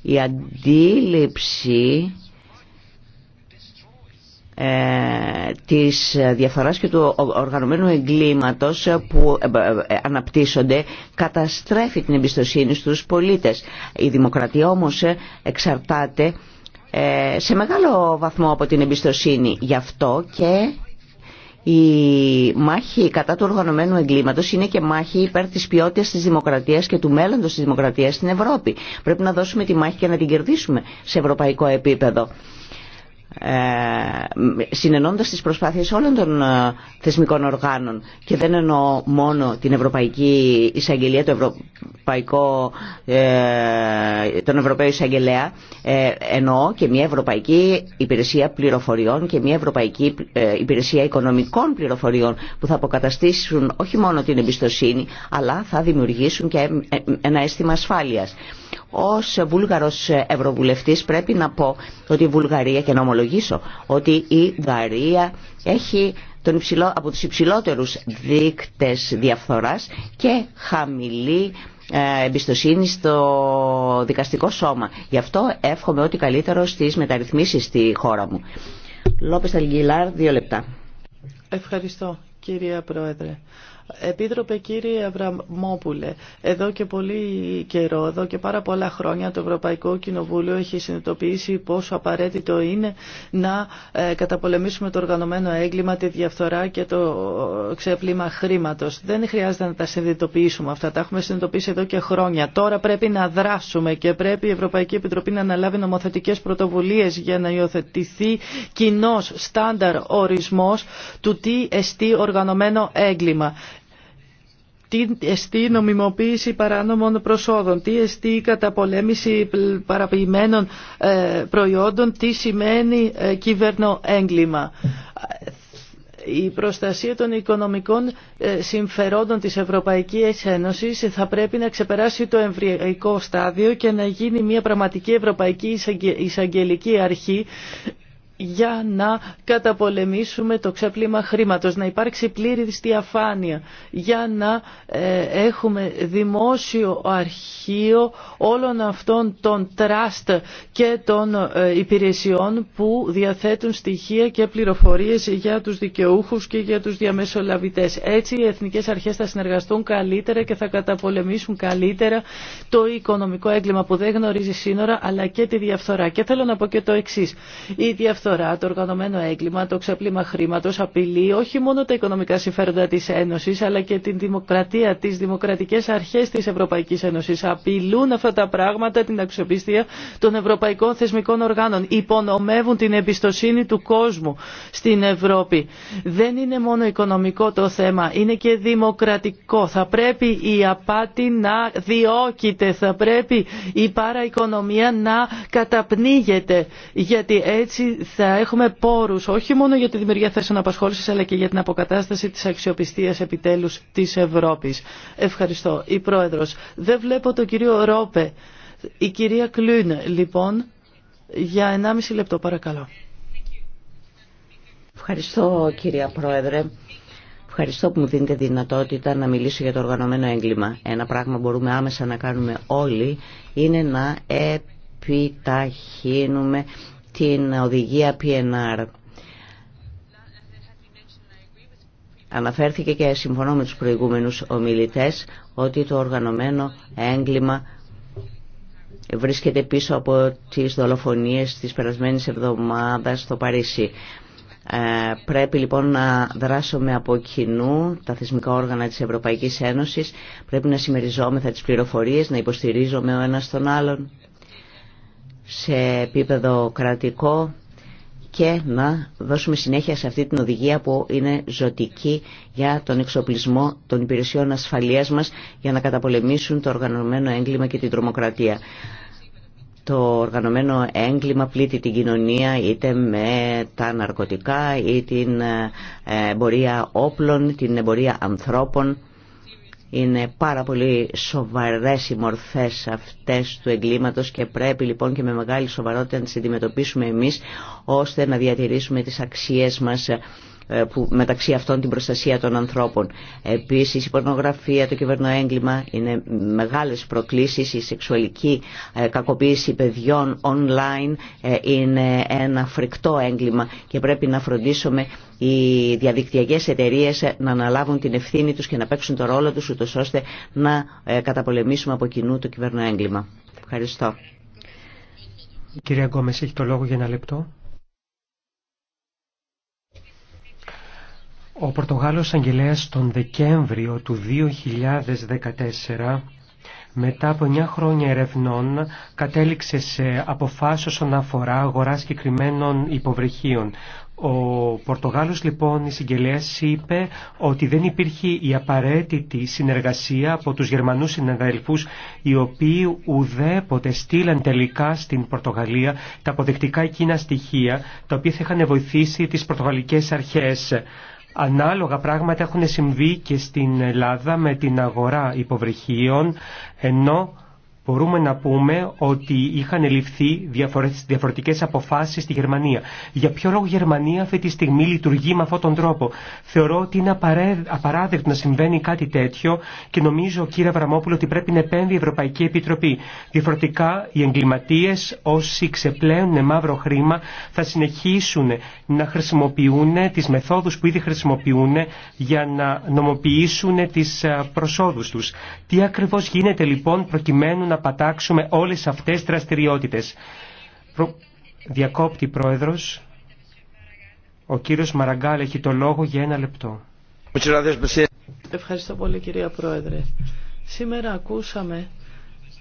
Speaker 1: Η αντίληψη ε, της διαφοράς και του οργανωμένου εγκλήματος που ε, ε, αναπτύσσονται καταστρέφει την εμπιστοσύνη στους πολίτες. Η δημοκρατία όμως εξαρτάται ε, σε μεγάλο βαθμό από την εμπιστοσύνη. Γι' αυτό και η μάχη κατά του οργανωμένου εγκλήματος είναι και μάχη υπέρ της ποιότητας της δημοκρατίας και του μέλλοντος της δημοκρατίας στην Ευρώπη. Πρέπει να δώσουμε τη μάχη και να την κερδίσουμε σε ευρωπαϊκό επίπεδο. Ε, συνενώντας τις προσπάθειες όλων των ε, θεσμικών οργάνων και δεν εννοώ μόνο την Ευρωπαϊκή Εισαγγελία, το Ευρωπαϊκό, ε, τον Ευρωπαίο Εισαγγελέα, εννοώ και μια Ευρωπαϊκή Υπηρεσία Πληροφοριών και μια Ευρωπαϊκή Υπηρεσία Οικονομικών Πληροφοριών που θα αποκαταστήσουν όχι μόνο την εμπιστοσύνη αλλά θα δημιουργήσουν και ένα αίσθημα ασφάλειας. Ως Βούλγαρος Ευρωβουλευτής πρέπει να πω ότι η Βουλγαρία και να ομολογήσω ότι η Βουλγαρία έχει τον υψηλό, από τους υψηλότερους δείκτες διαφθοράς και χαμηλή ε, εμπιστοσύνη στο δικαστικό σώμα. Γι' αυτό εύχομαι ό,τι καλύτερο στις μεταρρυθμίσεις στη χώρα μου. Λόπες Αλγιλάρ, δύο λεπτά.
Speaker 2: Ευχαριστώ κυρία Πρόεδρε. Επίτροπε κύριε Αβραμόπουλε, εδώ και πολύ καιρό, εδώ και πάρα πολλά χρόνια το Ευρωπαϊκό Κοινοβούλιο έχει συνειδητοποιήσει πόσο απαραίτητο είναι να ε, καταπολεμήσουμε το οργανωμένο έγκλημα, τη διαφθορά και το ξεπλήμα χρήματος. Δεν χρειάζεται να τα συνειδητοποιήσουμε αυτά, τα έχουμε συνειδητοποιήσει εδώ και χρόνια. Τώρα πρέπει να δράσουμε και πρέπει η Ευρωπαϊκή Επιτροπή να αναλάβει νομοθετικές πρωτοβουλίες για να υιοθετηθεί κοινό στάνταρ ορισμός του τι εστί οργανωμένο έγκλημα τι εστί νομιμοποίηση παράνομων προσόδων, τι εστί καταπολέμηση παραποιημένων ε, προϊόντων, τι σημαίνει ε, κυβέρνο έγκλημα. Η προστασία των οικονομικών ε, συμφερόντων της Ευρωπαϊκής Ένωσης θα πρέπει να ξεπεράσει το εμβριακό στάδιο και να γίνει μια πραγματική ευρωπαϊκή εισαγγελική αρχή για να καταπολεμήσουμε το ξέπλυμα χρήματος, να υπάρξει πλήρη διαφάνεια, για να ε, έχουμε δημόσιο αρχείο όλων αυτών των τραστ και των ε, υπηρεσιών που διαθέτουν στοιχεία και πληροφορίες για τους δικαιούχους και για τους διαμεσολαβητές. Έτσι οι εθνικές αρχές θα συνεργαστούν καλύτερα και θα καταπολεμήσουν καλύτερα το οικονομικό έγκλημα που δεν γνωρίζει σύνορα αλλά και τη διαφθορά. Και θέλω να πω και το εξής φθορά, το οργανωμένο έγκλημα, το ξέπλυμα χρήματο απειλεί όχι μόνο τα οικονομικά συμφέροντα τη Ένωση, αλλά και την δημοκρατία, τι δημοκρατικέ αρχέ τη Ευρωπαϊκή Ένωση. Απειλούν αυτά τα πράγματα την αξιοπιστία των ευρωπαϊκών θεσμικών οργάνων. Υπονομεύουν την εμπιστοσύνη του κόσμου στην Ευρώπη. Δεν είναι μόνο οικονομικό το θέμα, είναι και δημοκρατικό. Θα πρέπει η απάτη να διώκεται, θα πρέπει η παραοικονομία να καταπνίγεται γιατί έτσι θα έχουμε πόρους όχι μόνο για τη δημιουργία θέσεων απασχόλησης αλλά και για την αποκατάσταση της αξιοπιστίας επιτέλους της Ευρώπης. Ευχαριστώ. Η Πρόεδρος. Δεν βλέπω τον κύριο Ρόπε. Η κυρία Κλούν, λοιπόν, για 1,5 λεπτό παρακαλώ.
Speaker 1: Ευχαριστώ κυρία Πρόεδρε. Ευχαριστώ που μου δίνετε δυνατότητα να μιλήσω για το οργανωμένο έγκλημα. Ένα πράγμα μπορούμε άμεσα να κάνουμε όλοι είναι να επιταχύνουμε την οδηγία PNR. Αναφέρθηκε και συμφωνώ με τους προηγούμενους ομιλητές ότι το οργανωμένο έγκλημα βρίσκεται πίσω από τις δολοφονίες της περασμένης εβδομάδας στο Παρίσι. Ε, πρέπει λοιπόν να δράσουμε από κοινού τα θεσμικά όργανα της Ευρωπαϊκής Ένωσης. Πρέπει να συμμεριζόμεθα τις πληροφορίες, να υποστηρίζουμε ο ένας τον άλλον σε επίπεδο κρατικό και να δώσουμε συνέχεια σε αυτή την οδηγία που είναι ζωτική για τον εξοπλισμό των υπηρεσιών ασφαλείας μας για να καταπολεμήσουν το οργανωμένο έγκλημα και την τρομοκρατία. Το οργανωμένο έγκλημα πλήττει την κοινωνία είτε με τα ναρκωτικά ή την ε, εμπορία όπλων, την εμπορία ανθρώπων. Είναι πάρα πολύ σοβαρές οι μορφές αυτές του εγκλήματος και πρέπει λοιπόν και με μεγάλη σοβαρότητα να τις αντιμετωπίσουμε εμείς ώστε να διατηρήσουμε τις αξίες μας ε, που μεταξύ αυτών την προστασία των ανθρώπων. Επίσης η πορνογραφία, το κυβερνοέγκλημα είναι μεγάλες προκλήσεις, η σεξουαλική ε, κακοποίηση παιδιών online ε, είναι ένα φρικτό έγκλημα και πρέπει να φροντίσουμε οι διαδικτυακές εταιρείες να αναλάβουν την ευθύνη τους και να παίξουν το ρόλο τους ούτως ώστε να καταπολεμήσουμε από κοινού το κυβερνοέγκλημα. Ευχαριστώ.
Speaker 3: κυρία Γκόμες έχει το λόγο για ένα λεπτό. Ο Πορτογάλος Αγγελέας τον Δεκέμβριο του 2014 μετά από 9 χρόνια ερευνών κατέληξε σε αποφάσεις όσον αφορά αγορά συγκεκριμένων υποβρυχίων. Ο Πορτογάλος λοιπόν η συγγελέα είπε ότι δεν υπήρχε η απαραίτητη συνεργασία από τους Γερμανούς συναδελφούς οι οποίοι ουδέποτε στείλαν τελικά στην Πορτογαλία τα αποδεκτικά εκείνα στοιχεία τα οποία θα είχαν βοηθήσει τις πορτογαλικές αρχές. Ανάλογα πράγματα έχουν συμβεί και στην Ελλάδα με την αγορά υποβρυχίων, ενώ μπορούμε να πούμε ότι είχαν ληφθεί διαφορετικές αποφάσεις στη Γερμανία. Για ποιο λόγο η Γερμανία αυτή τη στιγμή λειτουργεί με αυτόν τον τρόπο. Θεωρώ ότι είναι απαράδεκτο να συμβαίνει κάτι τέτοιο και νομίζω κύριε Αβραμόπουλο ότι πρέπει να επέμβει η Ευρωπαϊκή Επιτροπή. Διαφορετικά οι εγκληματίες όσοι ξεπλέουν μαύρο χρήμα θα συνεχίσουν να χρησιμοποιούν τις μεθόδους που ήδη χρησιμοποιούν για να νομοποιήσουν τις ε, προσόδους τους. Τι ακριβώς γίνεται λοιπόν προκειμένου να να πατάξουμε όλες αυτές τις δραστηριότητες. Διακόπτη Πρόεδρος, ο κύριος Μαραγκάλ έχει το λόγο για ένα λεπτό.
Speaker 2: Ευχαριστώ πολύ κυρία Πρόεδρε. Σήμερα ακούσαμε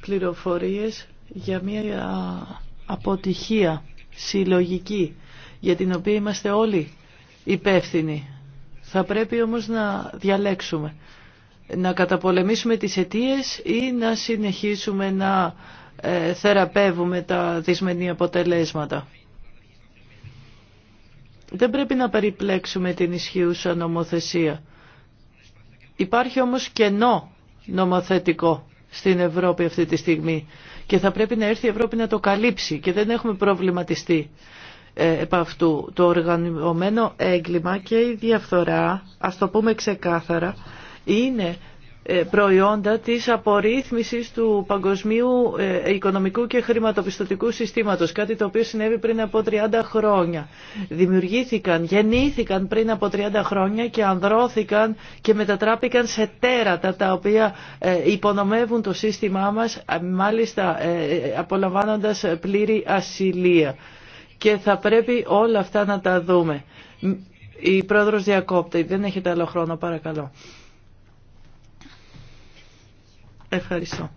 Speaker 2: πληροφορίες για μια αποτυχία συλλογική για την οποία είμαστε όλοι υπεύθυνοι. Θα πρέπει όμως να διαλέξουμε να καταπολεμήσουμε τις αιτίε ή να συνεχίσουμε να ε, θεραπεύουμε τα δυσμενή αποτελέσματα. Δεν πρέπει να περιπλέξουμε την ισχύουσα νομοθεσία. Υπάρχει όμως κενό νομοθετικό στην Ευρώπη αυτή τη στιγμή και θα πρέπει να έρθει η Ευρώπη να το καλύψει και δεν έχουμε προβληματιστεί ε, επ' αυτού. Το οργανωμένο έγκλημα και η διαφθορά, ας το πούμε ξεκάθαρα, είναι ε, προϊόντα της απορρίθμισης του παγκοσμίου ε, οικονομικού και χρηματοπιστωτικού συστήματος, κάτι το οποίο συνέβη πριν από 30 χρόνια. Δημιουργήθηκαν, γεννήθηκαν πριν από 30 χρόνια και ανδρώθηκαν και μετατράπηκαν σε τέρατα τα οποία ε, υπονομεύουν το σύστημά μας, μάλιστα απολαμβάνοντας πλήρη ασυλία. Και θα πρέπει όλα αυτά να τα δούμε. Η πρόεδρος διακόπτει. Δεν έχετε άλλο χρόνο, παρακαλώ. Ευχαριστώ.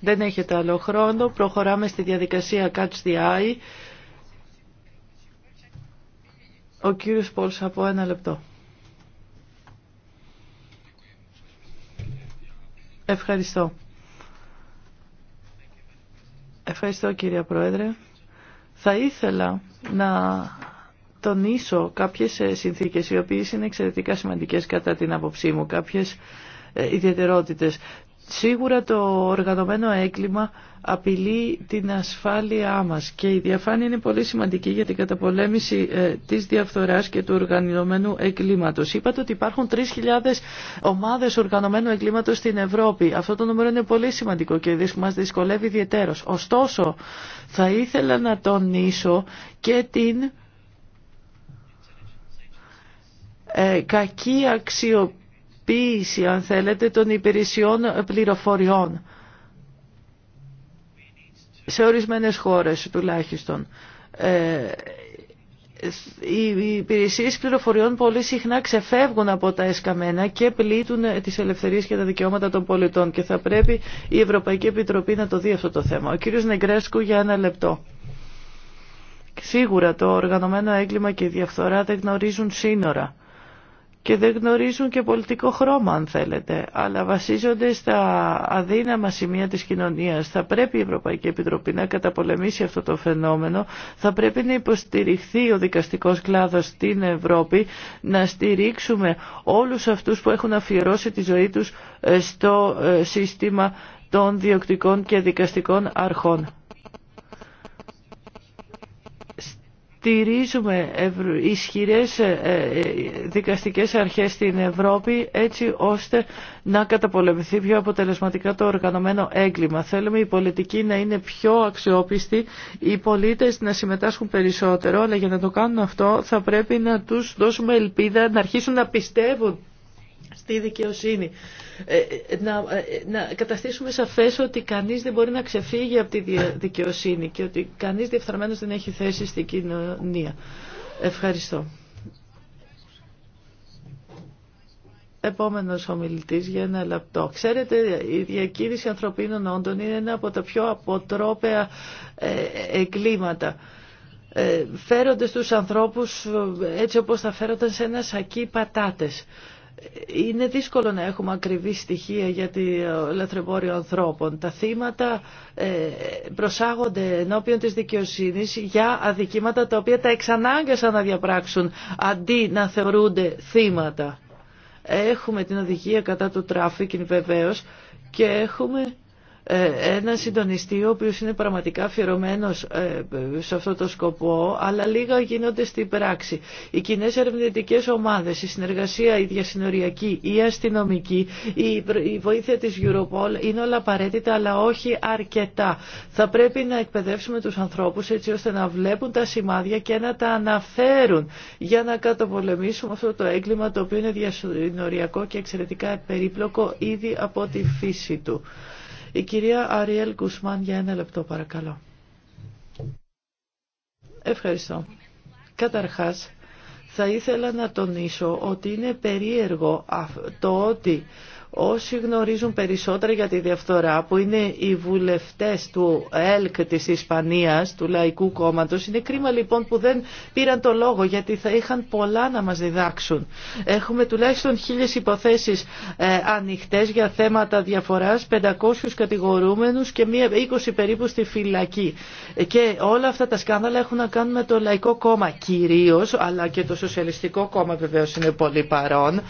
Speaker 2: Δεν έχετε άλλο χρόνο. Προχωράμε στη διαδικασία Catch the Eye. Ο κύριος Πόλς από ένα λεπτό. Ευχαριστώ. Ευχαριστώ κύριε Πρόεδρε. Θα ήθελα να τονίσω κάποιες ε, συνθήκες οι οποίες είναι εξαιρετικά σημαντικές κατά την άποψή μου, κάποιες ε, ιδιαιτερότητες. Σίγουρα το οργανωμένο έγκλημα απειλεί την ασφάλειά μας και η διαφάνεια είναι πολύ σημαντική για την καταπολέμηση ε, της διαφθοράς και του οργανωμένου εγκλήματος. Είπατε ότι υπάρχουν 3.000 ομάδες οργανωμένου εγκλήματος στην Ευρώπη. Αυτό το νούμερο είναι πολύ σημαντικό και μας δυσκολεύει ιδιαίτερος. Ωστόσο, θα ήθελα να τονίσω και την ε, κακή αξιοποίηση αν θέλετε, των υπηρεσιών πληροφοριών. Σε ορισμένες χώρες τουλάχιστον. Ε, οι υπηρεσίες πληροφοριών πολύ συχνά ξεφεύγουν από τα εσκαμένα και πλήττουν ε, τις ελευθερίες και τα δικαιώματα των πολιτών και θα πρέπει η Ευρωπαϊκή Επιτροπή να το δει αυτό το θέμα. Ο κύριος Νεγκρέσκου για ένα λεπτό. Σίγουρα το οργανωμένο έγκλημα και η διαφθορά δεν γνωρίζουν σύνορα και δεν γνωρίζουν και πολιτικό χρώμα αν θέλετε, αλλά βασίζονται στα αδύναμα σημεία της κοινωνίας. Θα πρέπει η Ευρωπαϊκή Επιτροπή να καταπολεμήσει αυτό το φαινόμενο, θα πρέπει να υποστηριχθεί ο δικαστικός κλάδος στην Ευρώπη, να στηρίξουμε όλους αυτούς που έχουν αφιερώσει τη ζωή τους ε, στο ε, σύστημα των διοκτικών και δικαστικών αρχών. Τυρίζουμε ισχυρές ε, ε, δικαστικές αρχές στην Ευρώπη έτσι ώστε να καταπολεμηθεί πιο αποτελεσματικά το οργανωμένο έγκλημα. Θέλουμε η πολιτική να είναι πιο αξιόπιστη, οι πολίτες να συμμετάσχουν περισσότερο, αλλά για να το κάνουν αυτό θα πρέπει να τους δώσουμε ελπίδα, να αρχίσουν να πιστεύουν τη δικαιοσύνη. Ε, να, ε, να καταστήσουμε σαφές ότι κανείς δεν μπορεί να ξεφύγει από τη δικαιοσύνη και ότι κανείς διεφθαρμένος δεν έχει θέση στην κοινωνία. Ευχαριστώ. επόμενος ομιλητής για ένα λεπτό. Ξέρετε, η διακήρυξη ανθρωπίνων όντων είναι ένα από τα πιο αποτρόπαια ε, εγκλήματα. φέρονται τους ανθρώπους έτσι όπως θα φέρονταν σε ένα σακί πατάτες είναι δύσκολο να έχουμε ακριβή στοιχεία για τη ε, λαθρεμπόριο ανθρώπων. Τα θύματα ε, προσάγονται ενώπιον της δικαιοσύνης για αδικήματα τα οποία τα εξανάγκασαν να διαπράξουν αντί να θεωρούνται θύματα. Έχουμε την οδηγία κατά του τράφικιν βεβαίως και έχουμε ε, ένα συντονιστή ο οποίο είναι πραγματικά αφιερωμένο ε, σε αυτό το σκοπό, αλλά λίγα γίνονται στην πράξη. Οι κοινέ ερευνητικέ ομάδες, η συνεργασία η διασυνοριακή, η αστυνομική, η βοήθεια της Europol είναι όλα απαραίτητα αλλά όχι αρκετά. Θα πρέπει να εκπαιδεύσουμε τους ανθρώπου έτσι ώστε να βλέπουν τα σημάδια και να τα αναφέρουν για να καταπολεμήσουμε αυτό το έγκλημα το οποίο είναι διασυνοριακό και εξαιρετικά περίπλοκο ήδη από τη φύση του. Η κυρία Αριέλ Γκουσμάν για ένα λεπτό παρακαλώ. Ευχαριστώ. Καταρχάς, θα ήθελα να τονίσω ότι είναι περίεργο το ότι Όσοι γνωρίζουν περισσότερα για τη διαφθορά που είναι οι βουλευτές του ΕΛΚ της Ισπανίας, του Λαϊκού Κόμματος, είναι κρίμα λοιπόν που δεν πήραν το λόγο γιατί θα είχαν πολλά να μας διδάξουν. Έχουμε τουλάχιστον χίλιες υποθέσεις ε, ανοιχτές για θέματα διαφοράς, 500 κατηγορούμενους και μία, 20 περίπου στη φυλακή. Και όλα αυτά τα σκάνδαλα έχουν να κάνουν με το Λαϊκό Κόμμα κυρίως, αλλά και το Σοσιαλιστικό Κόμμα βεβαίως είναι πολύ παρόν.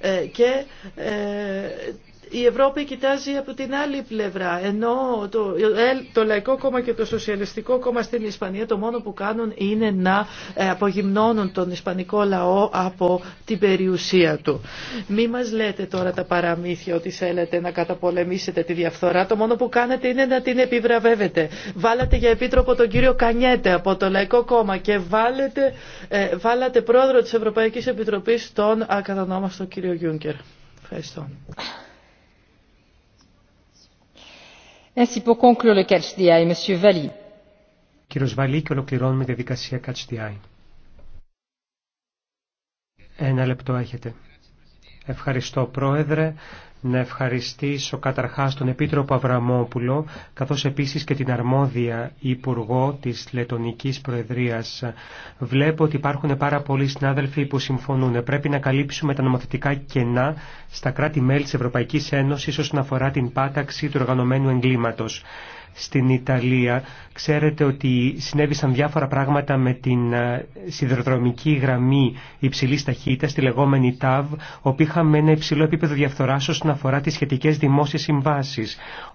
Speaker 2: Ε, και ε, η Ευρώπη κοιτάζει από την άλλη πλευρά. Ενώ το, ε, το Λαϊκό Κόμμα και το Σοσιαλιστικό Κόμμα στην Ισπανία το μόνο που κάνουν είναι να ε, απογυμνώνουν τον Ισπανικό λαό από την περιουσία του. Μη μας λέτε τώρα τα παραμύθια ότι θέλετε να καταπολεμήσετε τη διαφθορά. Το μόνο που κάνετε είναι να την επιβραβεύετε. Βάλατε για επίτροπο τον κύριο Κανιέτε από το Λαϊκό Κόμμα και βάλετε, ε, βάλατε πρόεδρο της Ευρωπαϊκής Επιτροπής τον ακατανόμαστο κύριο Γιούνκερ. Ευχαριστώ pour conclure le
Speaker 3: Κύριος Βαλή και ολοκληρώνουμε τη δικασία catch Ένα λεπτό έχετε. Ευχαριστώ Πρόεδρε να ευχαριστήσω καταρχάς τον Επίτροπο Αβραμόπουλο, καθώς επίσης και την αρμόδια Υπουργό της Λετωνικής Προεδρίας. Βλέπω ότι υπάρχουν πάρα πολλοί συνάδελφοι που συμφωνούν. Πρέπει να καλύψουμε τα νομοθετικά κενά στα κράτη-μέλη της Ευρωπαϊκής Ένωσης όσον αφορά την πάταξη του οργανωμένου εγκλήματος στην Ιταλία. Ξέρετε ότι συνέβησαν διάφορα πράγματα με την ε, σιδηροδρομική γραμμή υψηλή ταχύτητα, τη λεγόμενη ΤΑΒ, όπου είχαμε ένα υψηλό επίπεδο διαφθορά όσον αφορά τι σχετικέ δημόσιε συμβάσει.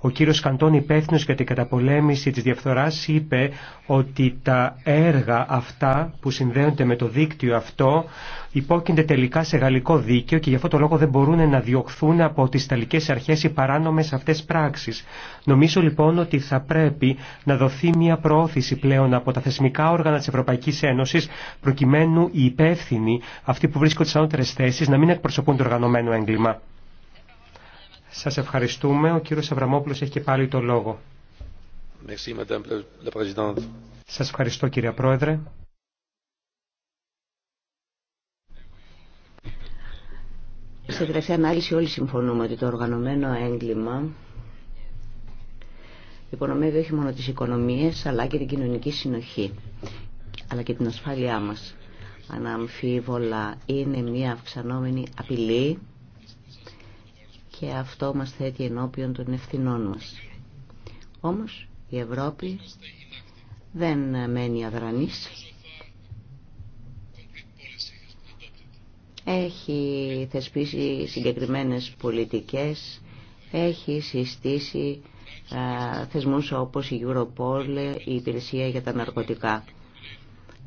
Speaker 3: Ο κύριο Καντών, υπεύθυνο για την καταπολέμηση τη διαφθορά, είπε ότι τα έργα αυτά που συνδέονται με το δίκτυο αυτό υπόκεινται τελικά σε γαλλικό δίκαιο και γι' αυτό το λόγο δεν μπορούν να διωχθούν από τι Ιταλικέ αρχέ οι παράνομε αυτέ πράξει. Νομίζω λοιπόν ότι θα πρέπει να δοθεί μια προώθηση πλέον από τα θεσμικά όργανα της Ευρωπαϊκής Ένωσης προκειμένου οι υπεύθυνοι, αυτοί που βρίσκονται σε ανώτερες θέσεις, να μην εκπροσωπούν το οργανωμένο έγκλημα. Σας ευχαριστούμε. Ο κύριος Αβραμόπουλος έχει και πάλι το λόγο. Σας ευχαριστώ κύριε Πρόεδρε.
Speaker 1: Σε τελευταία ανάλυση όλοι συμφωνούμε ότι το οργανωμένο έγκλημα υπονομεύει όχι μόνο τις οικονομίες αλλά και την κοινωνική συνοχή αλλά και την ασφάλειά μας. Αναμφίβολα είναι μια αυξανόμενη απειλή και αυτό μας θέτει ενώπιον των ευθυνών μας. Όμως η Ευρώπη δεν μένει αδρανής. Έχει θεσπίσει συγκεκριμένες πολιτικές, έχει συστήσει ε, θεσμούς όπως η Europol, η Υπηρεσία για τα Ναρκωτικά.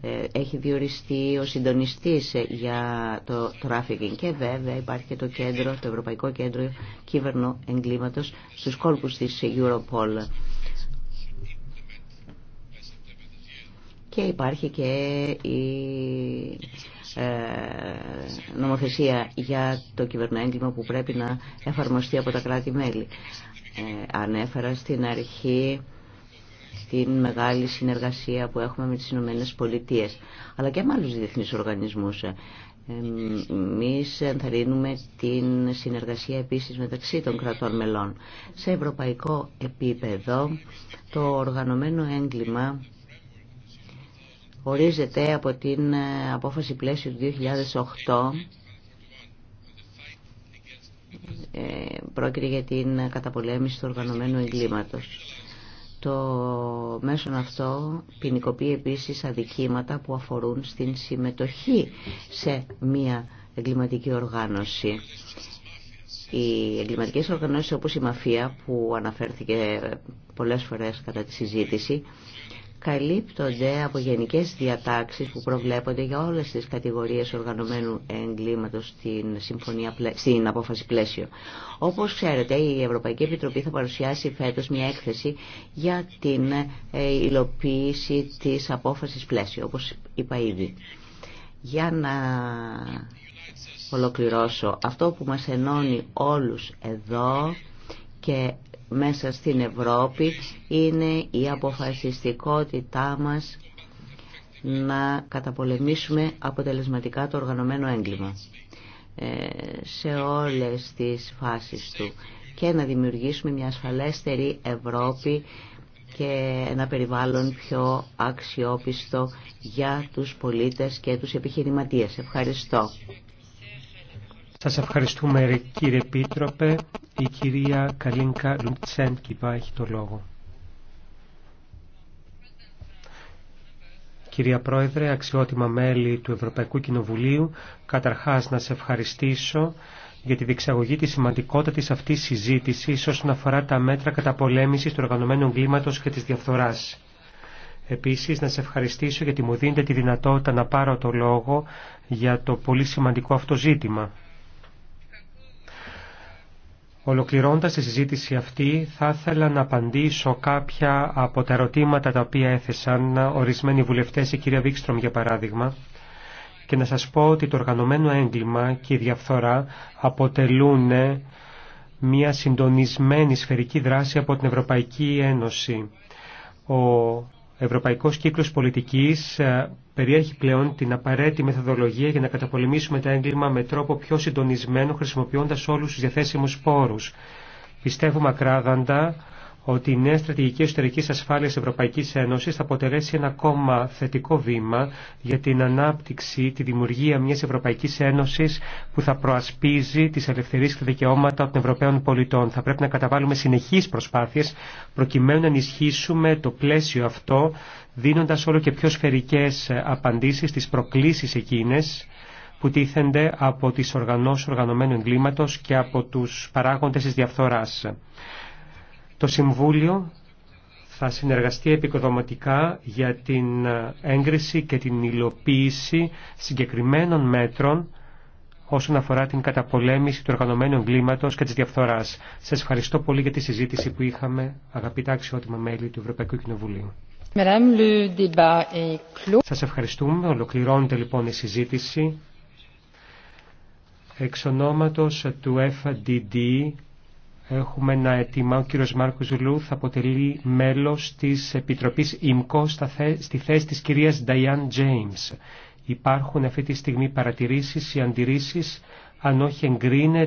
Speaker 1: Ε, έχει διοριστεί ο συντονιστής για το τράφικινγκ και βέβαια υπάρχει και το κέντρο, το Ευρωπαϊκό Κέντρο Κύβερνο Εγκλήματος στους κόλπους της Europol. Και υπάρχει και η ε, νομοθεσία για το κυβερνοέγκλημα που πρέπει να εφαρμοστεί από τα κράτη-μέλη. Ε, ανέφερα στην αρχή την μεγάλη συνεργασία που έχουμε με τις Ηνωμένε Πολιτείε, αλλά και με άλλους διεθνείς οργανισμούς. Ε, εμείς ενθαρρύνουμε την συνεργασία επίσης μεταξύ των κρατών μελών. Σε ευρωπαϊκό επίπεδο το οργανωμένο έγκλημα ορίζεται από την ε, απόφαση πλαίσιο του 2008 ε, πρόκειται για την καταπολέμηση του οργανωμένου εγκλήματος. Το μέσον αυτό ποινικοποιεί επίσης αδικήματα που αφορούν στην συμμετοχή σε μία εγκληματική οργάνωση. Οι εγκληματικές οργανώσεις όπως η μαφία που αναφέρθηκε πολλές φορές κατά τη συζήτηση καλύπτονται από γενικές διατάξεις που προβλέπονται για όλες τις κατηγορίες οργανωμένου εγκλήματος στην, συμφωνία, στην απόφαση πλαίσιο. Όπως ξέρετε, η Ευρωπαϊκή Επιτροπή θα παρουσιάσει φέτος μια έκθεση για την ε, υλοποίηση της απόφασης πλαίσιο, όπως είπα ήδη. Για να ολοκληρώσω, αυτό που μας ενώνει όλους εδώ και μέσα στην Ευρώπη είναι η αποφασιστικότητά μας να καταπολεμήσουμε αποτελεσματικά το οργανωμένο έγκλημα ε, σε όλες τις φάσεις του και να δημιουργήσουμε μια ασφαλέστερη Ευρώπη και ένα περιβάλλον πιο αξιόπιστο για τους πολίτες και τους επιχειρηματίες. Ευχαριστώ.
Speaker 3: Σας ευχαριστούμε κύριε πίτροπε. Η κυρία Καλίνκα Λουτσέντκιβα έχει το λόγο. Κυρία Πρόεδρε, αξιότιμα μέλη του Ευρωπαϊκού Κοινοβουλίου, καταρχάς να σε ευχαριστήσω για τη διεξαγωγή της σημαντικότητας αυτής συζήτησης όσον αφορά τα μέτρα καταπολέμησης του οργανωμένου κλίματος και της διαφθοράς. Επίσης, να σε ευχαριστήσω γιατί μου δίνετε τη δυνατότητα να πάρω το λόγο για το πολύ σημαντικό αυτό ζήτημα. Ολοκληρώνοντας τη συζήτηση αυτή, θα ήθελα να απαντήσω κάποια από τα ερωτήματα τα οποία έθεσαν ορισμένοι βουλευτές, η κυρία Βίξτρομ για παράδειγμα, και να σας πω ότι το οργανωμένο έγκλημα και η διαφθορά αποτελούν μια συντονισμένη σφαιρική δράση από την Ευρωπαϊκή Ένωση. Ευρωπαϊκός κύκλος πολιτικής ε, περιέχει πλέον την απαραίτητη μεθοδολογία για να καταπολεμήσουμε τα έγκλημα με τρόπο πιο συντονισμένο χρησιμοποιώντας όλους τους διαθέσιμους πόρους. Πιστεύουμε ακράδαντα ότι η νέα στρατηγική εσωτερικής ασφάλεια Ευρωπαϊκή Ένωση θα αποτελέσει ένα ακόμα θετικό βήμα για την ανάπτυξη, τη δημιουργία μιας Ευρωπαϊκής Ένωσης που θα προασπίζει τι ελευθερίες και δικαιώματα των Ευρωπαίων πολιτών. Θα πρέπει να καταβάλουμε συνεχείς προσπάθειες προκειμένου να ενισχύσουμε το πλαίσιο αυτό δίνοντα όλο και πιο σφαιρικέ απαντήσει, στις προκλήσει εκείνε που τίθενται από τις οργανώσει οργανωμένου εγκλήματο και από τους παράγοντες της διαφθοράς. Το Συμβούλιο θα συνεργαστεί επικοδοματικά για την έγκριση και την υλοποίηση συγκεκριμένων μέτρων όσον αφορά την καταπολέμηση του οργανωμένου εγκλήματος και της διαφθοράς. Σας ευχαριστώ πολύ για τη συζήτηση που είχαμε, αγαπητά αξιότιμα μέλη του Ευρωπαϊκού Κοινοβουλίου. Σας ευχαριστούμε. Ολοκληρώνεται λοιπόν η συζήτηση. Εξ του FDD Έχουμε ένα αίτημα. Ο κύριος Μάρκος Ζουλού θα αποτελεί μέλος της Επιτροπής ΙΜΚΟ στη θέση της κυρίας Νταϊάν Τζέιμς. Υπάρχουν αυτή τη στιγμή παρατηρήσεις ή αντιρρήσεις. Αν όχι εγκρίνεται